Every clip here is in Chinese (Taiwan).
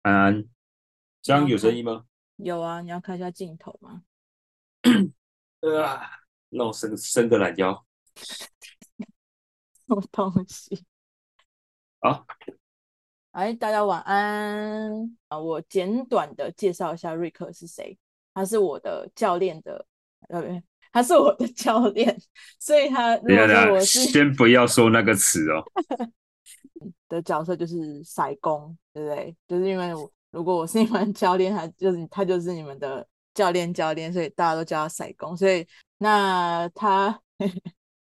安安，這樣有聲音嗎？有啊，你要看一下鏡頭嗎？呃，那、 啊、我伸伸個懶腰，送 東西。好，哎，大家晚安啊！我簡短的介紹一下瑞克是誰，他是我的教練的，對不對？他是我的教練，所以他如我等下等下先不要說那個詞哦。 的角色就是塞公，對不對？就是因為我如果我是你們教練，他就是他就是你們的教練教練，所以大家都叫他塞公。所以那他呵呵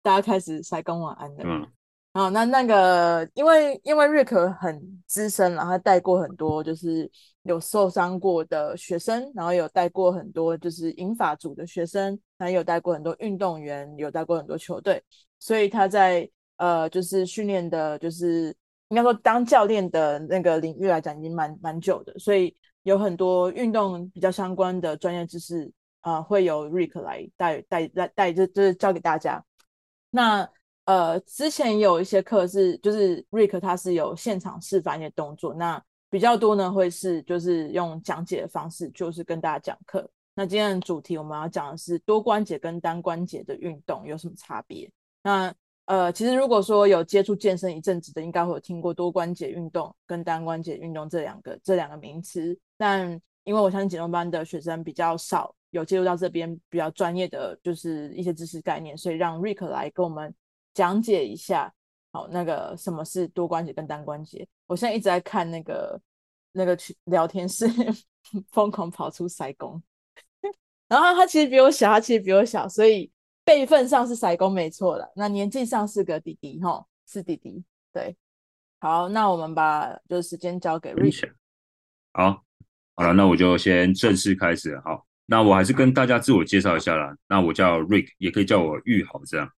大家開始塞公晚安的嘛、嗯。那那個因為因為瑞克很資深，然後他帶過很多就是有受傷過的學生，然後有帶過很多就是銀髮族的學生，然後有帶過很多運動員，有帶過很多球隊，所以他在呃就是訓練的，就是。應該說，當教練的那個領域來講，已經蠻蠻久的，所以有很多運動比較相關的專業知識，啊、呃，會由 Rick 來帶帶帶帶，就是、就是教給大家。那呃，之前有一些課是，就是 Rick 他是有現場示範一些動作，那比較多呢會是就是用講解的方式，就是跟大家講課。那今天的主題我們要講的是多關節跟單關節的運動有什麼差別？那呃，其實如果說有接觸健身一陣子的，應該會有聽過多關節運動跟單關節運動這兩個這兩個名詞。但因為我相信減重班的學生比較少有接觸到這邊比較專業的就是一些知識概念，所以讓 Rick 來跟我們講解一下，好，那個什麼是多關節跟單關節。我現在一直在看那個那個聊天室， 瘋狂跑出腮宮。 然後他其實比我小，他其實比我小，所以。輩分上是賽工沒錯了，那年紀上是個弟弟齁，是弟弟。對，好，那我們把就是時間交給 Rick，嗯。好，好了，那我就先正式開始了。好，那我還是跟大家自我介紹一下啦。那我叫 Rick，也可以叫我玉豪這樣。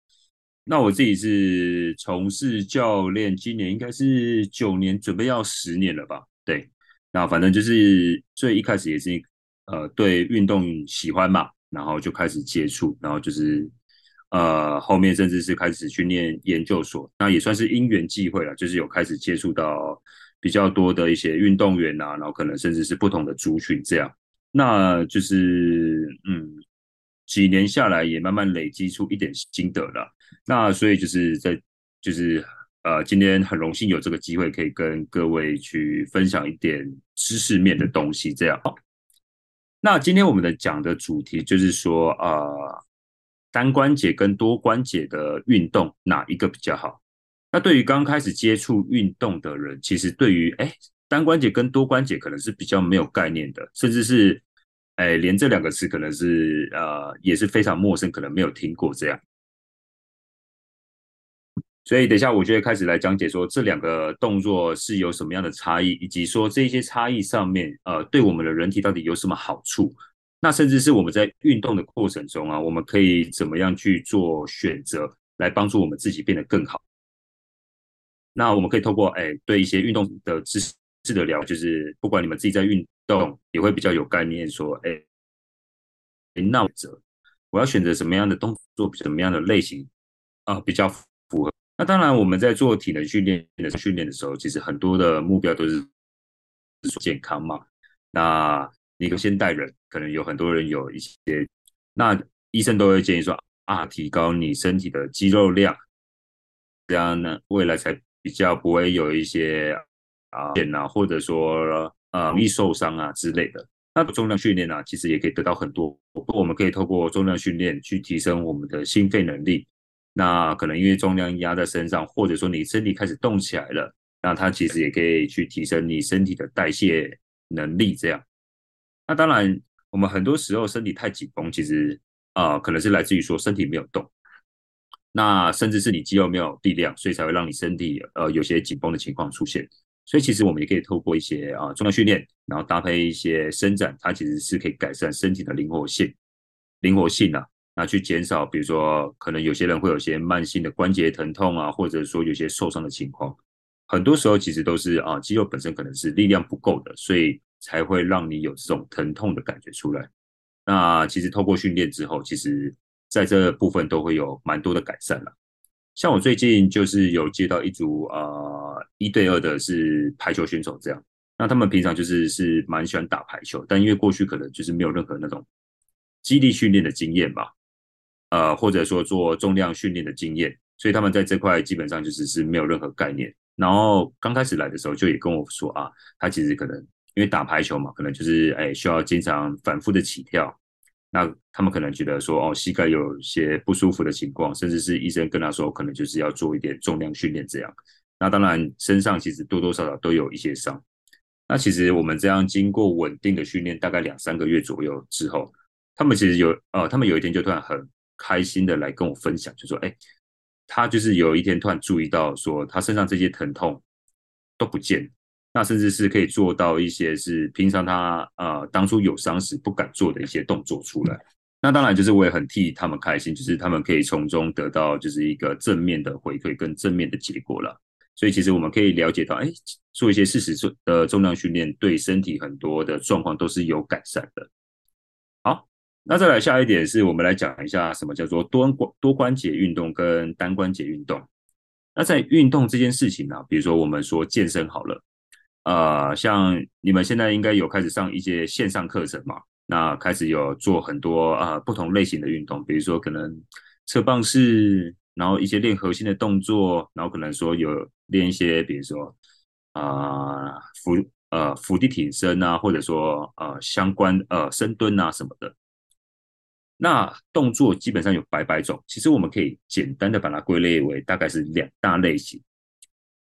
那我自己是從事教練，今年應該是九年，準備要十年了吧？對，那反正就是最一開始也是呃對運動喜歡嘛，然後就開始接觸，然後就是。呃，後面甚至是開始去念研究所，那也算是因緣際會了，就是有開始接觸到比較多的一些運動員啊，然後可能甚至是不同的族群這樣，那就是嗯，幾年下來也慢慢累積出一點心得了。那所以就是在就是呃，今天很榮幸有這個機會可以跟各位去分享一點知識面的東西這樣。那今天我們的講的主題就是說呃。單關節跟多關節的運動哪一個比較好？那對於剛開始接觸運動的人，其實對於，誒，單關節跟多關節可能是比較沒有概念的，甚至是，誒，連這兩個詞可能是，呃，也是非常陌生，可能沒有聽過這樣。所以等一下，我就會開始來講解說這兩個動作是有什麼樣的差異，以及說這些差異上面，呃，對我們的人體到底有什麼好處。那甚至是我們在運動的過程中啊，我們可以怎麼樣去做選擇，來幫助我們自己變得更好？那我們可以透過哎，對一些運動的知識的了解，就是不管你們自己在運動，也會比較有概念說，說哎，那我我要選擇什麼樣的動作，什麼樣的類型啊，比較符合？那當然，我們在做體能訓練的訓練的時候，其實很多的目標都是健康嘛，那。一個現代人可能有很多人有一些，那醫生都會建議說啊，提高你身體的肌肉量，這樣呢，未來才比較不會有一些啊變啊，或者說呃容易受傷啊之類的。那重量訓練呢、啊，其實也可以得到很多。我們可以透過重量訓練去提升我們的心肺能力。那可能因為重量壓在身上，或者說你身體開始動起來了，那它其實也可以去提升你身體的代謝能力，這樣。那當然，我們很多時候身體太緊繃，其實啊、呃，可能是來自於說身體沒有動，那甚至是你肌肉沒有力量，所以才會讓你身體呃有些緊繃的情況出現。所以其實我們也可以透過一些啊、呃、重量訓練，然後搭配一些伸展，它其實是可以改善身體的靈活性，靈活性的、啊，那去減少比如說可能有些人會有些慢性的關節疼痛啊，或者說有些受傷的情況，很多時候其實都是啊、呃、肌肉本身可能是力量不夠的，所以。才會讓你有這種疼痛的感覺出來。那其實透過訓練之後，其實在這部分都會有蠻多的改善了。像我最近就是有接到一組啊一，呃，一對二的，是排球選手這樣。那他們平常就是是蠻喜歡打排球，但因為過去可能就是沒有任何那種肌力訓練的經驗吧，呃，或者說做重量訓練的經驗，所以他們在這塊基本上就是是沒有任何概念。然後剛開始來的時候，就也跟我說啊，他其實可能。因為打排球嘛，可能就是誒、哎、需要經常反覆的起跳，那他們可能覺得說哦膝蓋有些不舒服的情況，甚至是醫生跟他說可能就是要做一點重量訓練這樣。那當然身上其實多多少少都有一些傷。那其實我們這樣經過穩定的訓練，大概兩三個月左右之後，他們其實有哦、呃，他們有一天就突然很開心的來跟我分享，就是、說誒、哎、他就是有一天突然注意到說他身上這些疼痛都不見。那甚至是可以做到一些是平常他呃當初有傷時不敢做的一些動作出來。那當然就是我也很替他們開心，就是他們可以從中得到就是一個正面的回饋跟正面的結果了。所以其實我們可以了解到，哎，做一些適時的重量訓練，對身體很多的狀況都是有改善的。好，那再來下一點是我們來講一下什麼叫做多關多關節運動跟單關節運動。那在運動這件事情呢、啊，比如說我們說健身好了。呃，像你們現在應該有開始上一些線上課程嘛？那開始有做很多啊、呃、不同類型的運動，比如說可能側棒式，然後一些練核心的動作，然後可能說有練一些，比如說啊伏呃伏、呃、地挺身啊，或者說呃相關呃深蹲啊什麼的。那動作基本上有百百種，其實我們可以簡單的把它歸類為大概是兩大類型。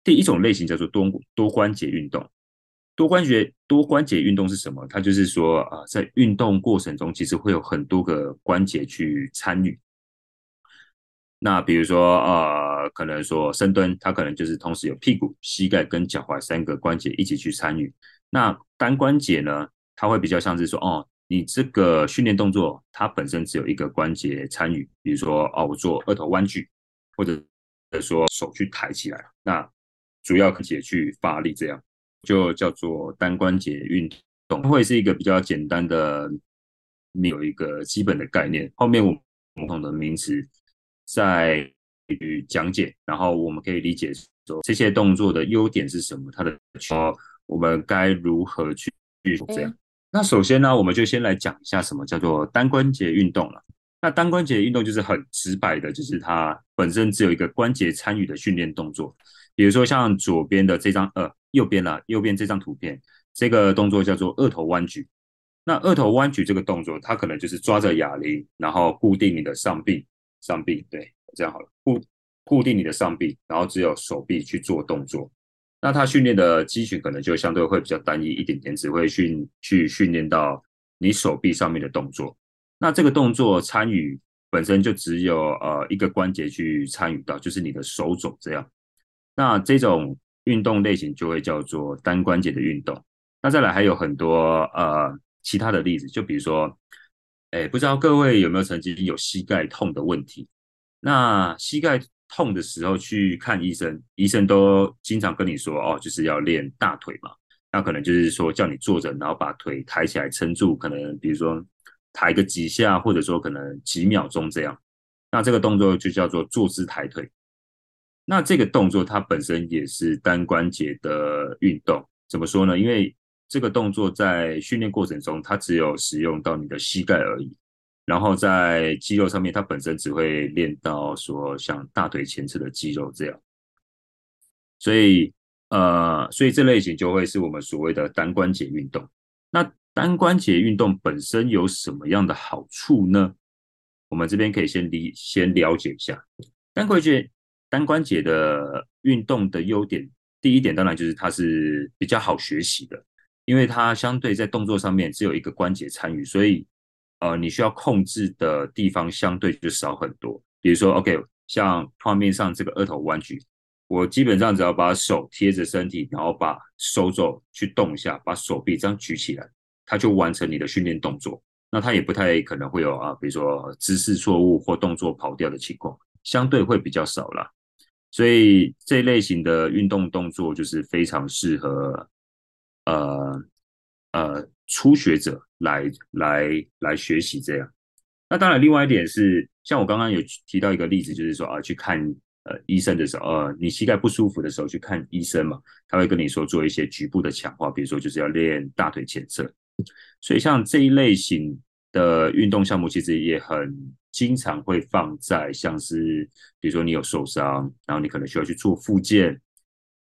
第一種類型叫做多多關節運動，多關節多關節運動是什麼？它就是說啊、呃，在運動過程中，其實會有很多個關節去參與。那比如說啊、呃，可能說深蹲，它可能就是同時有屁股、膝蓋跟腳踝三個關節一起去參與。那單關節呢，它會比較像是說哦，你這個訓練動作它本身只有一個關節參與，比如說哦，我做二頭彎舉，或者說手去抬起來，那。主要關節去發力，這樣就叫做單關節運動。會是一個比較簡單的，有一個基本的概念。後面我們不同的名詞再去講解，然後我們可以理解說這些動作的優點是什麼，它的哦，我們該如何去運動這樣、哎。那首先呢，我們就先來講一下什麼叫做單關節運動了。那單關節運動就是很直白的，就是它本身只有一個關節參與的訓練動作。比如說像左邊的這張，呃，右邊啦、啊，右邊這張圖片，這個動作叫做二頭彎舉。那二頭彎舉這個動作，它可能就是抓着啞鈴，然後固定你的上臂，上臂，對，這樣好了，固固定你的上臂，然後只有手臂去做動作。那它訓練的肌群可能就相對會比較單一一點點，只會訓去，去訓練到你手臂上面的動作。那這個動作參與本身就只有呃一個關節去參與到，就是你的手肘這樣。那這種運動類型就會叫做單關節的運動。那再來還有很多呃其他的例子，就比如說，哎、欸，不知道各位有沒有曾經有膝蓋痛的問題？那膝蓋痛的時候去看醫生，醫生都經常跟你說，哦，就是要練大腿嘛。那可能就是說叫你坐着，然後把腿抬起來撐住，可能比如說抬個幾下，或者說可能幾秒鐘這樣。那這個動作就叫做坐姿抬腿。那這個動作它本身也是單關節的運動，怎麼說呢？因為這個動作在訓練過程中，它只有使用到你的膝蓋而已，然後在肌肉上面，它本身只會練到說像大腿前側的肌肉這樣。所以，呃，所以這類型就會是我們所謂的單關節運動。那單關節運動本身有什麼樣的好處呢？我們這邊可以先理先了解一下。單關節，單關節的運動的優點，第一點當然就是它是比較好學習的，因為它相對在動作上面只有一個關節參與，所以呃你需要控制的地方相對就少很多。比如說，OK，像畫面上這個二頭彎舉，我基本上只要把手貼着身體，然後把手肘去動一下，把手臂這樣舉起來，它就完成你的訓練動作。那它也不太可能會有啊，比如說姿勢錯誤或動作跑掉的情況，相對會比較少啦。所以，這一類型的運動動作就是非常適合，呃呃，初學者來來來學習這樣。那當然，另外一點是，像我剛剛有提到一個例子，就是說啊，去看呃醫生的時候，呃、啊，你膝蓋不舒服的時候去看醫生嘛，他會跟你說做一些局部的強化，比如說就是要練大腿前側。所以，像這一類型的運動項目，其實也很。經常會放在像是，比如說你有受傷，然後你可能需要去做復健，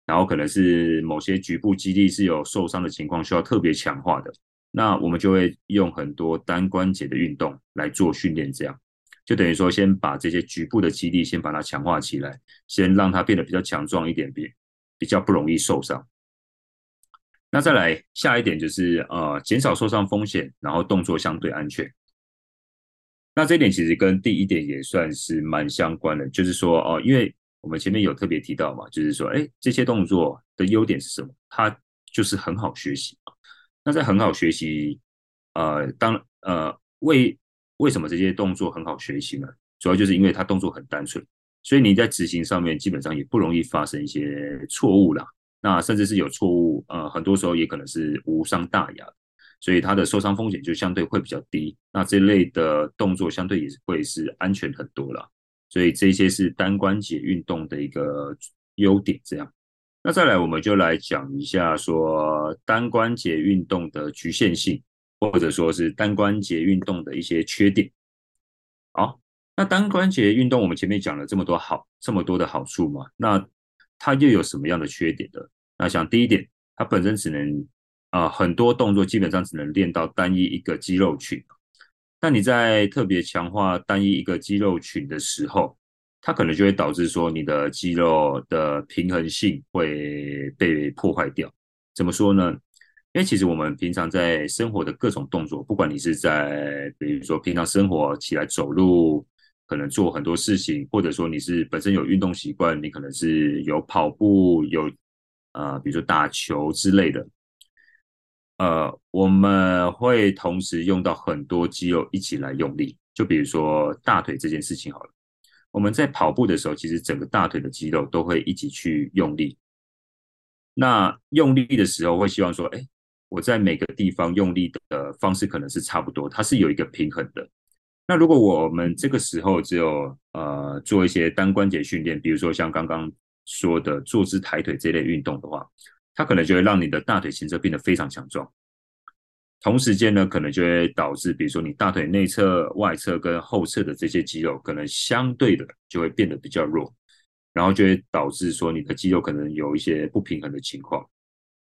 然後可能是某些局部肌力是有受傷的情況，需要特別強化的，那我們就會用很多單關節的運動來做訓練，這樣就等於說先把這些局部的肌力先把它強化起來，先讓它變得比較強壯一點點，比比較不容易受傷。那再來，下一點就是呃，減少受傷風險，然後動作相對安全。那這點其實跟第一點也算是蠻相關的，就是說哦，因為我們前面有特別提到嘛，就是說，哎，這些動作的優點是什麼？它就是很好學習。那在很好學習，呃，當呃，為為什麼這些動作很好學習呢？主要就是因為它動作很單純，所以你在執行上面基本上也不容易發生一些錯誤啦，那甚至是有錯誤，呃，很多時候也可能是無傷大雅。所以它的受傷風險就相對會比較低，那這類的動作相對也會是安全很多了。所以這些是單關節運動的一個優點。這樣，那再來我們就來講一下說單關節運動的局限性，或者說是單關節運動的一些缺點。好，那單關節運動我們前面講了這麼多好，這麼多的好處嘛，那它又有什麼樣的缺點呢？那像第一點，它本身只能。啊、呃，很多動作基本上只能練到單一一個肌肉群。那你在特別強化單一一個肌肉群的時候，它可能就會導致說你的肌肉的平衡性會被破壞掉。怎麼說呢？因為其實我們平常在生活的各種動作，不管你是在，比如說平常生活起來走路，可能做很多事情，或者說你是本身有運動習慣，你可能是有跑步有呃，比如說打球之類的。呃，我們會同時用到很多肌肉一起來用力，就比如說大腿這件事情好了。我們在跑步的時候，其實整個大腿的肌肉都會一起去用力。那用力的時候，會希望說，哎，我在每個地方用力的方式可能是差不多，它是有一個平衡的。那如果我們這個時候只有呃做一些單關節訓練，比如說像剛剛說的坐姿抬腿這類運動的話，它可能就會讓你的大腿前側變得非常強壯，同時間呢，可能就會導致，比如說你大腿內側、外側跟後側的這些肌肉，可能相對的就會變得比較弱，然後就會導致說你的肌肉可能有一些不平衡的情況。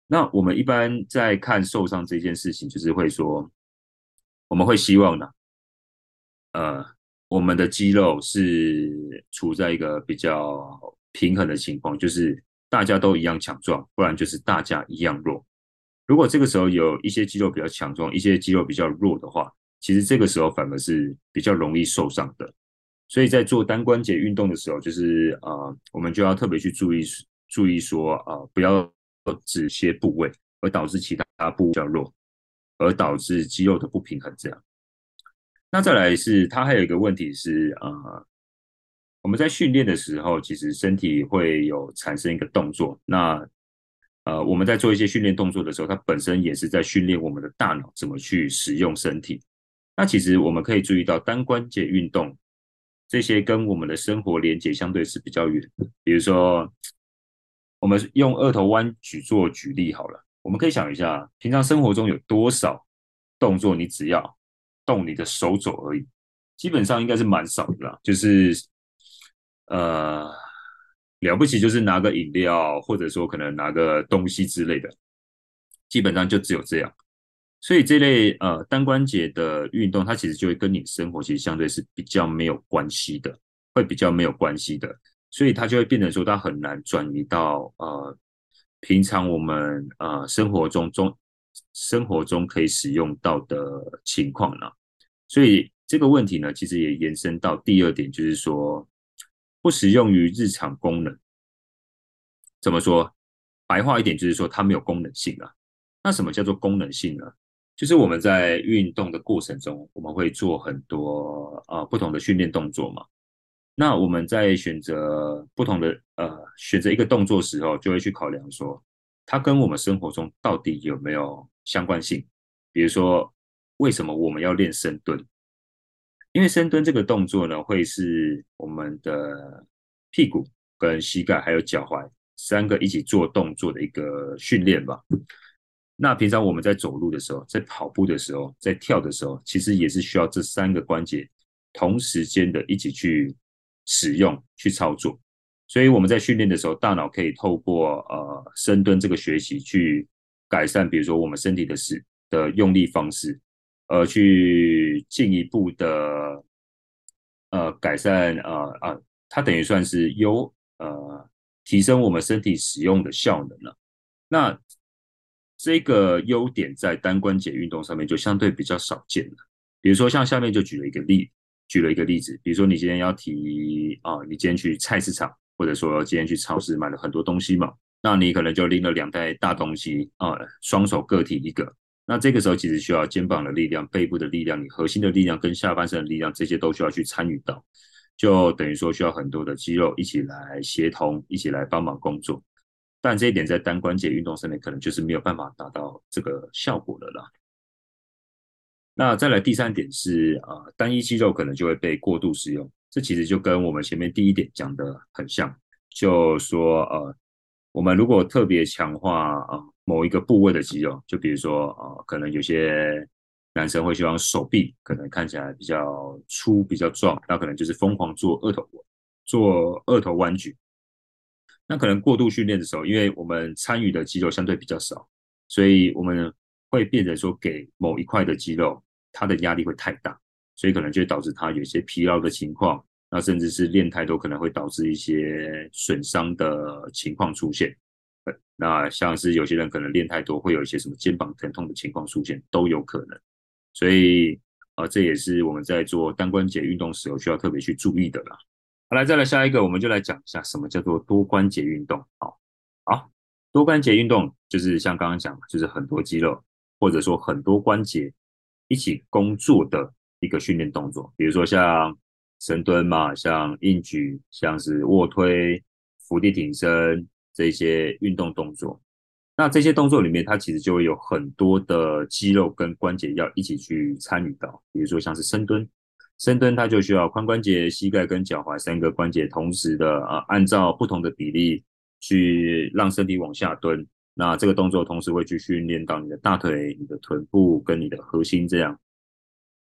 那我們一般在看受傷這件事情，就是會說，我們會希望呢，呃，我們的肌肉是處在一個比較平衡的情況，就是，大家都一樣強壯，不然就是大家一樣弱。如果這個時候有一些肌肉比較強壯，一些肌肉比較弱的話，其實這個時候反而是比較容易受傷的。所以在做單關節運動的時候，就是啊、呃，我們就要特別去注意注意說啊、呃，不要只些部位，而導致其他部位比較弱，而導致肌肉的不平衡。這樣，那再來是它還有一個問題是啊。呃我們在訓練的時候，其實身體會有產生一個動作。那呃，我們在做一些訓練動作的時候，它本身也是在訓練我們的大腦怎麼去使用身體。那其實我們可以注意到單關節運動這些跟我們的生活連接相對是比較遠的。比如說，我們用二頭彎舉做舉例好了。我們可以想一下，平常生活中有多少動作，你只要動你的手肘而已，基本上應該是蠻少的啦。就是呃，了不起就是拿個飲料，或者說可能拿個東西之類的，基本上就只有這樣。所以這類呃單關節的運動，它其實就會跟你生活其實相對是比較沒有關係的，會比較沒有關係的。所以它就會變成說，它很難轉移到呃平常我們呃生活中中生活中可以使用到的情況了。所以這個問題呢，其實也延伸到第二點，就是說。不適用於日常功能，怎麼說？白話一點就是說，它沒有功能性啊。那什麼叫做功能性呢？就是我們在運動的過程中，我們會做很多呃不同的訓練動作嘛。那我們在選擇不同的呃選擇一個動作時候，就會去考量說，它跟我們生活中到底有沒有相關性。比如說，為什麼我們要練深蹲？因為深蹲這個動作呢，會是我們的屁股跟膝蓋還有腳踝三個一起做動作的一個訓練吧。那平常我們在走路的時候、在跑步的時候、在跳的時候，其實也是需要這三個關節同時間的一起去使用、去操作。所以我們在訓練的時候，大腦可以透過，呃，深蹲這個學習去改善，比如說我們身體的使，的用力方式。呃，去進一步的呃改善，呃啊，它，等於算是優呃提升我們身體使用的效能了。那這個優點在單關節運動上面就相對比較少見了。比如說像下面就舉了一個例，舉了一個例子，比如說你今天要提啊、呃，你今天去菜市場或者說今天去超市買了很多東西嘛，那你可能就拎了兩袋大東西啊、呃，雙手各提一個。那這個時候其實需要肩膀的力量、背部的力量、你核心的力量跟下半身的力量，這些都需要去參與到，就等於說需要很多的肌肉一起來協同、一起來幫忙工作。但這一點在單關節運動上面，可能就是沒有辦法達到這個效果的了啦。那再來第三點是啊，呃，單一肌肉可能就會被過度使用，這其實就跟我們前面第一點講的很像，就說呃。我們如果特別強化啊某一個部位的肌肉，就比如說啊，可能有些男生會希望手臂可能看起來比較粗，比較壯，那可能就是瘋狂做二頭，做二頭彎舉。那可能過度訓練的時候，因為我們參與的肌肉相對比較少，所以我們會變得說給某一塊的肌肉它的壓力會太大，所以可能就會導致它有一些疲勞的情況。那甚至是練太多可能會導致一些損傷的情況出現，那像是有些人可能練太多會有一些什麼肩膀疼痛的情況出現都有可能，所以呃這也是我們在做單關節運動時候需要特別去注意的啦。好，來，再來下一個，我們就來講一下什麼叫做多關節運動。好，好，多關節運動就是像剛剛講的，就是很多肌肉或者說很多關節一起工作的一個訓練動作，比如說像。深蹲嘛，像硬舉，像是臥推、伏地挺身，這些運動動作。那這些動作裡面，它其實就會有很多的肌肉跟關節要一起去參與到。比如說像是深蹲，深蹲它就需要髖關節、膝蓋跟腳踝三個關節同時的啊，按照不同的比例去讓身體往下蹲。那這個動作同時會去訓練到你的大腿、你的臀部跟你的核心這樣。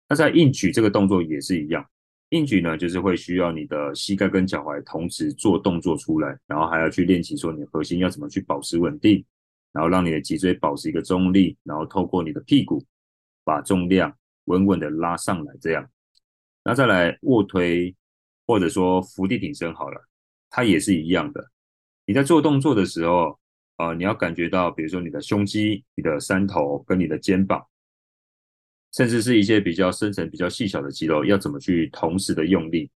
那在硬舉這個動作也是一樣。硬舉呢，就是會需要你的膝蓋跟腳踝同時做動作出來，然後還要去練習說你的核心要怎麼去保持穩定，然後讓你的脊椎保持一個中立，然後透過你的屁股把重量穩穩的拉上來這樣。那再來臥推或者說伏地挺身好了，它也是一樣的。你在做動作的時候，呃，你要感覺到比如說你的胸肌、你的三頭跟你的肩膀。甚至是一些比較深層、比較細小的肌肉，要怎麼去同時的用力？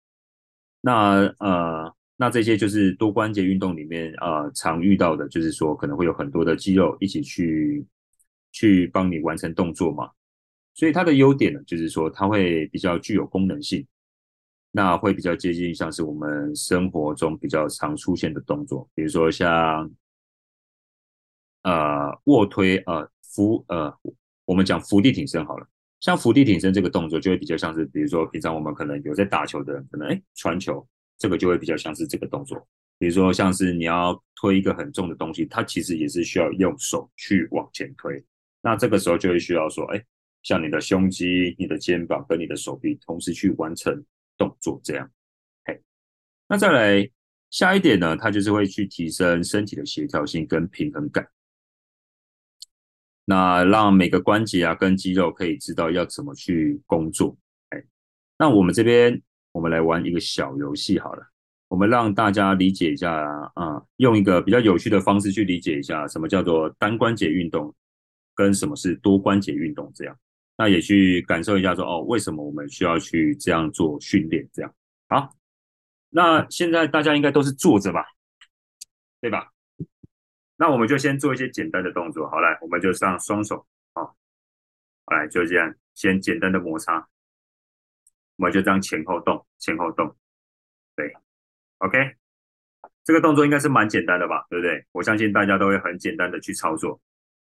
那呃，那這些就是多關節運動裡面啊、呃，常遇到的，就是說可能會有很多的肌肉一起去去幫你完成動作嘛。所以它的優點呢，就是說它會比較具有功能性，那會比較接近像是我們生活中比較常出現的動作，比如說像呃臥推、呃伏，呃我們講伏地挺身好了。像伏地挺身這個動作，就會比較像是，比如說平常我們可能有在打球的人，可能哎傳球，這個就會比較像是這個動作。比如說像是你要推一個很重的東西，它其實也是需要用手去往前推。那這個時候就會需要說，哎，像你的胸肌、你的肩膀跟你的手臂同時去完成動作，這樣。嘿，那再來下一點呢，它就是會去提升身體的協調性跟平衡感。那讓每個關節啊跟肌肉可以知道要怎麼去工作，哎，okay，那我們這邊我們來玩一個小遊戲好了，我們讓大家理解一下啊，嗯，用一個比較有趣的方式去理解一下什麼叫做單關節運動跟什麼是多關節運動，這樣，那也去感受一下說哦，為什麼我們需要去這樣做訓練這樣，好，那現在大家應該都是坐着吧，對吧？那我們就先做一些簡單的動作。好來，我們就這樣雙手，好，好來，就這樣，先簡單的摩擦。我們就這樣前後動，前後動。對，OK，這個動作應該是蠻簡單的吧，對不對？我相信大家都會很簡單的去操作。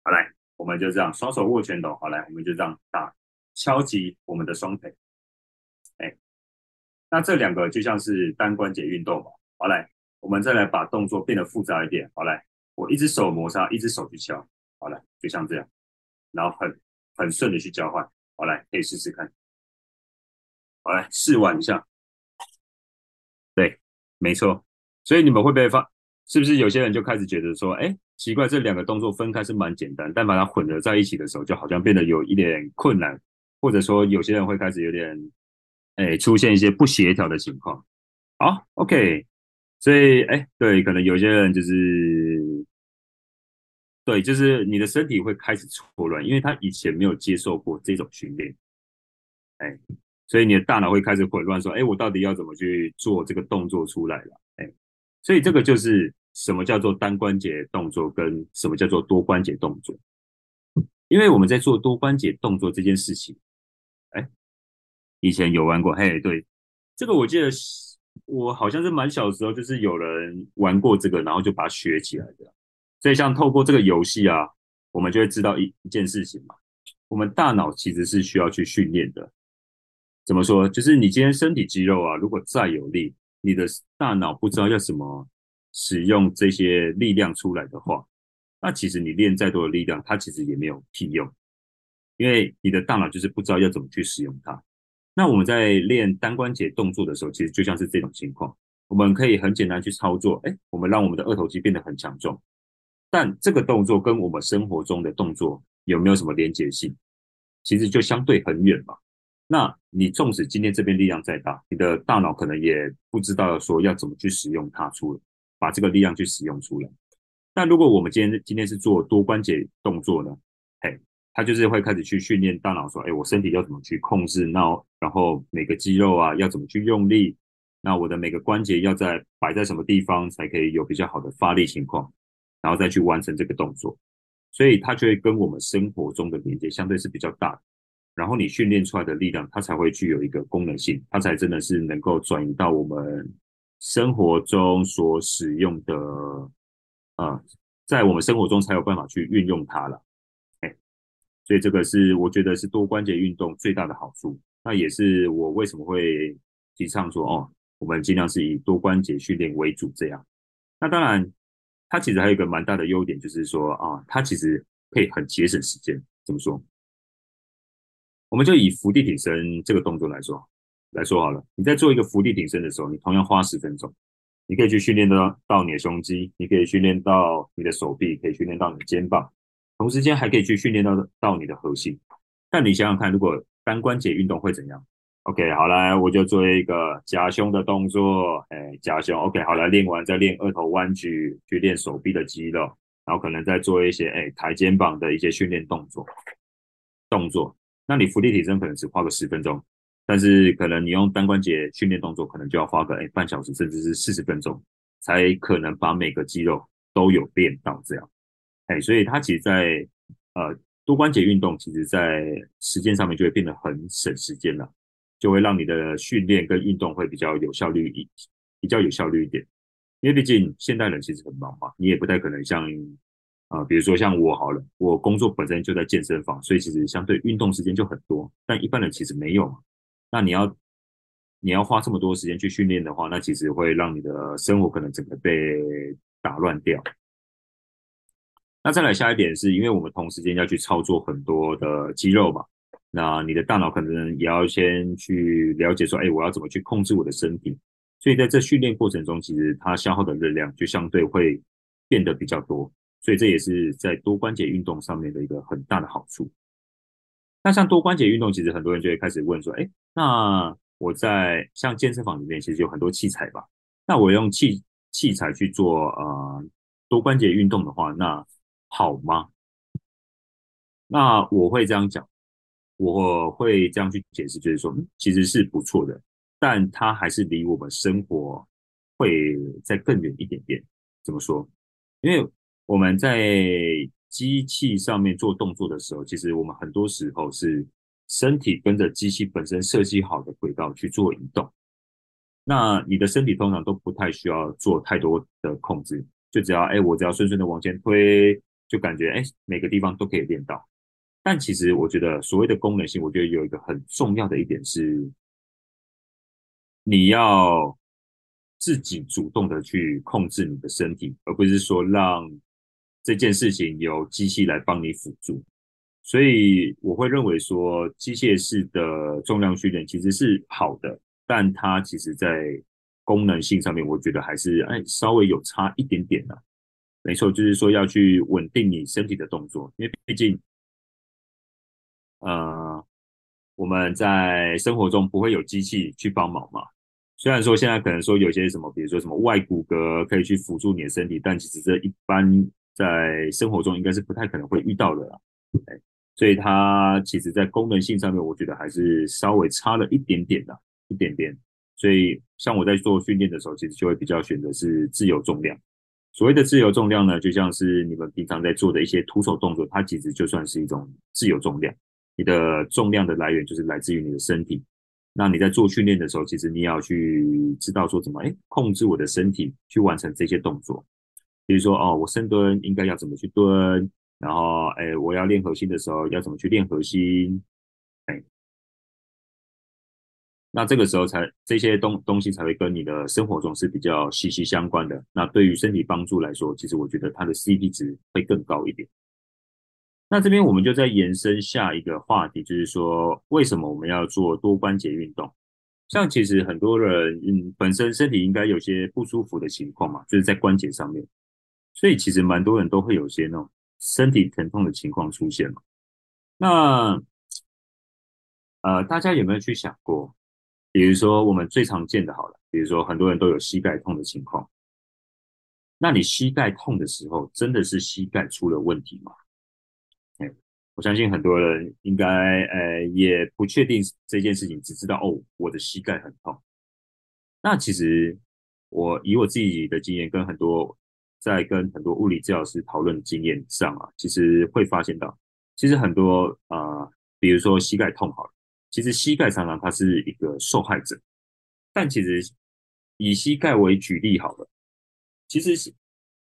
好來，我們就這樣雙手握拳頭。好來，我們就這樣打，敲擊我們的雙腿。哎，那這兩個就像是單關節運動吧。好來，我們再來把動作變得複雜一點。好來。我一隻手摩擦，一隻手去敲，好了，就像這樣，然後很很順的去交換，好來可以試試看，好來試玩一下，對，沒錯，所以你們會不會發，是不是有些人就開始覺得說，哎，奇怪，這兩個動作分開是蠻簡單，但把它混合在一起的時候，就好像變得有一點困難，或者說有些人會開始有點，哎，出現一些不協調的情況，好，OK，所以哎，對，可能有些人就是。對，就是你的身體會開始錯亂，因為他以前沒有接受過這種訓練，哎，所以你的大腦會開始混亂，說，哎，我到底要怎麼去做這個動作出來了？哎，所以這個就是什麼叫做單關節動作，跟什麼叫做多關節動作？因為我們在做多關節動作這件事情，哎，以前有玩過，嘿，對，這個我記得我好像是蠻小的時候，就是有人玩過這個，然後就把它學起來的。所以，像透過這個遊戲啊，我們就會知道一一件事情嘛。我們大腦其實是需要去訓練的。怎麼說？就是你今天身體肌肉啊，如果再有力，你的大腦不知道要怎麼使用這些力量出來的話，那其實你練再多的力量，它其實也沒有屁用，因為你的大腦就是不知道要怎麼去使用它。那我們在練單關節動作的時候，其實就像是這種情況。我們可以很簡單去操作，哎、欸，我們讓我們的二頭肌變得很強壯。但這個動作跟我們生活中的動作有沒有什麼連結性？其實就相對很遠嘛。那你縱使今天這邊力量再大，你的大腦可能也不知道說要怎麼去使用它出來，把這個力量去使用出來。但如果我們今天今天是做多關節動作呢？嘿，它就是會開始去訓練大腦說：誒、欸、我身體要怎麼去控制？那然後每個肌肉啊要怎麼去用力？那我的每個關節要在擺在什麼地方才可以有比較好的發力情況？然後再去完成這個動作，所以它就會跟我們生活中的連接相對是比較大的。然後你訓練出來的力量，它才會具有一個功能性，它才真的是能夠轉移到我們生活中所使用的。啊，在我們生活中才有辦法去運用它了。哎，所以這個是我覺得是多關節運動最大的好處。那也是我為什麼會提倡說哦，我們盡量是以多關節訓練為主，這樣。那當然。它其實還有一個蠻大的優點，就是說啊，它其實可以很節省時間。怎麼說？我們就以伏地挺身這個動作來說，來說好了。你在做一個伏地挺身的時候，你同樣花十分鐘，你可以去訓練到到你的胸肌，你可以訓練到你的手臂，可以訓練到你的肩膀，同時間還可以去訓練到到你的核心。但你想想看，如果單關節運動會怎樣？OK，好來，我就做一個夾胸的動作，哎、欸，夾胸。OK，好來，練完再練二頭彎舉，去練手臂的肌肉，然後可能再做一些哎抬、欸、肩膀的一些訓練動作，動作。那你伏地挺身可能只花個十分鐘，但是可能你用單關節訓練動作，可能就要花個哎、欸、半小時，甚至是四十分鐘，才可能把每個肌肉都有練到這樣。哎、欸，所以它其實在呃多關節運動，其實在時間上面就會變得很省時間了。就會讓你的訓練跟運動會比較有效率一比較有效率一點，因為畢竟現代人其實很忙嘛，你也不太可能像啊、呃，比如說像我好了，我工作本身就在健身房，所以其實相對運動時間就很多，但一般人其實沒有嘛。那你要你要花這麼多時間去訓練的話，那其實會讓你的生活可能整個被打亂掉。那再來下一點是因為我們同時間要去操作很多的肌肉嘛。那你的大腦可能也要先去了解說，哎，我要怎麼去控制我的身體？所以在這訓練過程中，其實它消耗的熱量就相對會變得比較多。所以這也是在多關節運動上面的一個很大的好處。那像多關節運動，其實很多人就會開始問說，哎，那我在像健身房裡面其實有很多器材吧？那我用器器材去做呃多關節運動的話，那好嗎？那我會這樣講。我會這樣去解釋，就是說，其實是不錯的，但它還是離我們生活會再更遠一點點。怎麼說？因為我們在機器上面做動作的時候，其實我們很多時候是身體跟着機器本身設計好的軌道去做移動。那你的身體通常都不太需要做太多的控制，就只要哎、欸，我只要順順的往前推，就感覺哎、欸，每個地方都可以練到。但其實我覺得所謂的功能性，我覺得有一個很重要的一點是，你要自己主動的去控制你的身體，而不是說讓這件事情由機器來幫你輔助。所以我會認為說機械式的重量訓練其實是好的，但它其實在功能性上面，我覺得還是哎稍微有差一點點的啊。沒錯，就是說要去穩定你身體的動作，因為畢竟。呃、嗯，我們在生活中不會有機器去幫忙嘛。雖然說現在可能說有些什麼，比如說什麼外骨骼可以去輔助你的身體，但其實這一般在生活中應該是不太可能會遇到的啦。對不對？所以它其實在功能性上面，我覺得還是稍微差了一點點的，一點點。所以像我在做訓練的時候，其實就會比較選擇是自由重量。所謂的自由重量呢，就像是你們平常在做的一些徒手動作，它其實就算是一種自由重量。你的重量的來源就是來自於你的身體。那你在做訓練的時候，其實你要去知道說怎麼哎、欸、控制我的身體去完成這些動作。比如說哦，我深蹲應該要怎麼去蹲，然後哎、欸、我要練核心的時候要怎麼去練核心。哎、欸，那這個時候才這些東東西才會跟你的生活中是比較息息相關的。那對於身體幫助來說，其實我覺得它的 CP 值會更高一點。那這邊我們就再延伸下一個話題，就是說為什麼我們要做多關節運動？像其實很多人，嗯，本身身體應該有些不舒服的情況嘛，就是在關節上面，所以其實蠻多人都會有些那種身體疼痛的情況出現嘛。那，呃，大家有沒有去想過？比如說我們最常見的好了，比如說很多人都有膝蓋痛的情況，那你膝蓋痛的時候，真的是膝蓋出了問題嗎？我相信很多人應該，呃，也不確定這件事情，只知道哦，我的膝蓋很痛。那其實我以我自己的經驗，跟很多在跟很多物理治療師討論經驗上啊，其實會發現到，其實很多啊，呃，比如說膝蓋痛好了，其實膝蓋常常它是一個受害者。但其實以膝蓋為舉例好了，其實是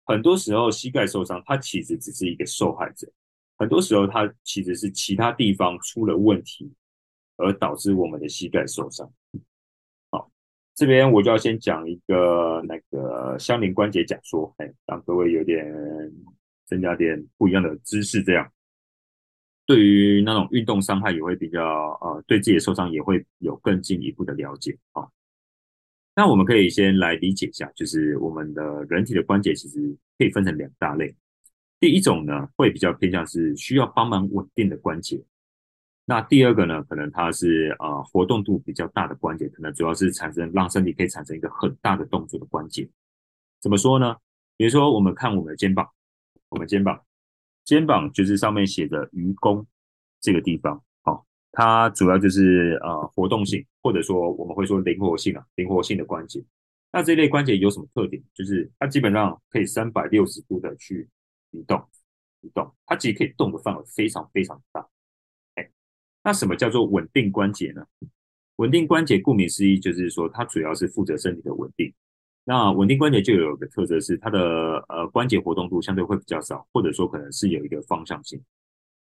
很多時候膝蓋受傷，它其實只是一個受害者。很多時候，它其實是其他地方出了問題，而導致我們的膝蓋受傷。好，這邊我就要先講一個那個相鄰關節假說，哎，讓各位有點增加點不一樣的知識，這樣對於那種運動傷害也會比較、呃，啊對自己的受傷也會有更進一步的了解。啊，那我們可以先來理解一下，就是我們的人體的關節其實可以分成兩大類。第一種呢，會比較偏向是需要幫忙穩定的關節。那第二個呢，可能它是啊、呃、活動度比較大的關節，可能主要是產生讓身體可以產生一個很大的動作的關節。怎麼說呢？比如說我們看我們的肩膀，我們肩膀，肩膀就是上面寫的“盂肱”這個地方哦，它主要就是呃活動性，或者說我們會說靈活性啊，靈活性的關節。那這類關節有什麼特點？就是它基本上可以三百六十度的去。你動，你動，它其實可以動的範圍非常非常大。哎，那什麼叫做穩定關節呢？穩定關節顧名思義，就是說它主要是負責身體的穩定。那穩定關節就有一個特色，是它的呃關節活動度相對會比較少，或者說可能是有一個方向性。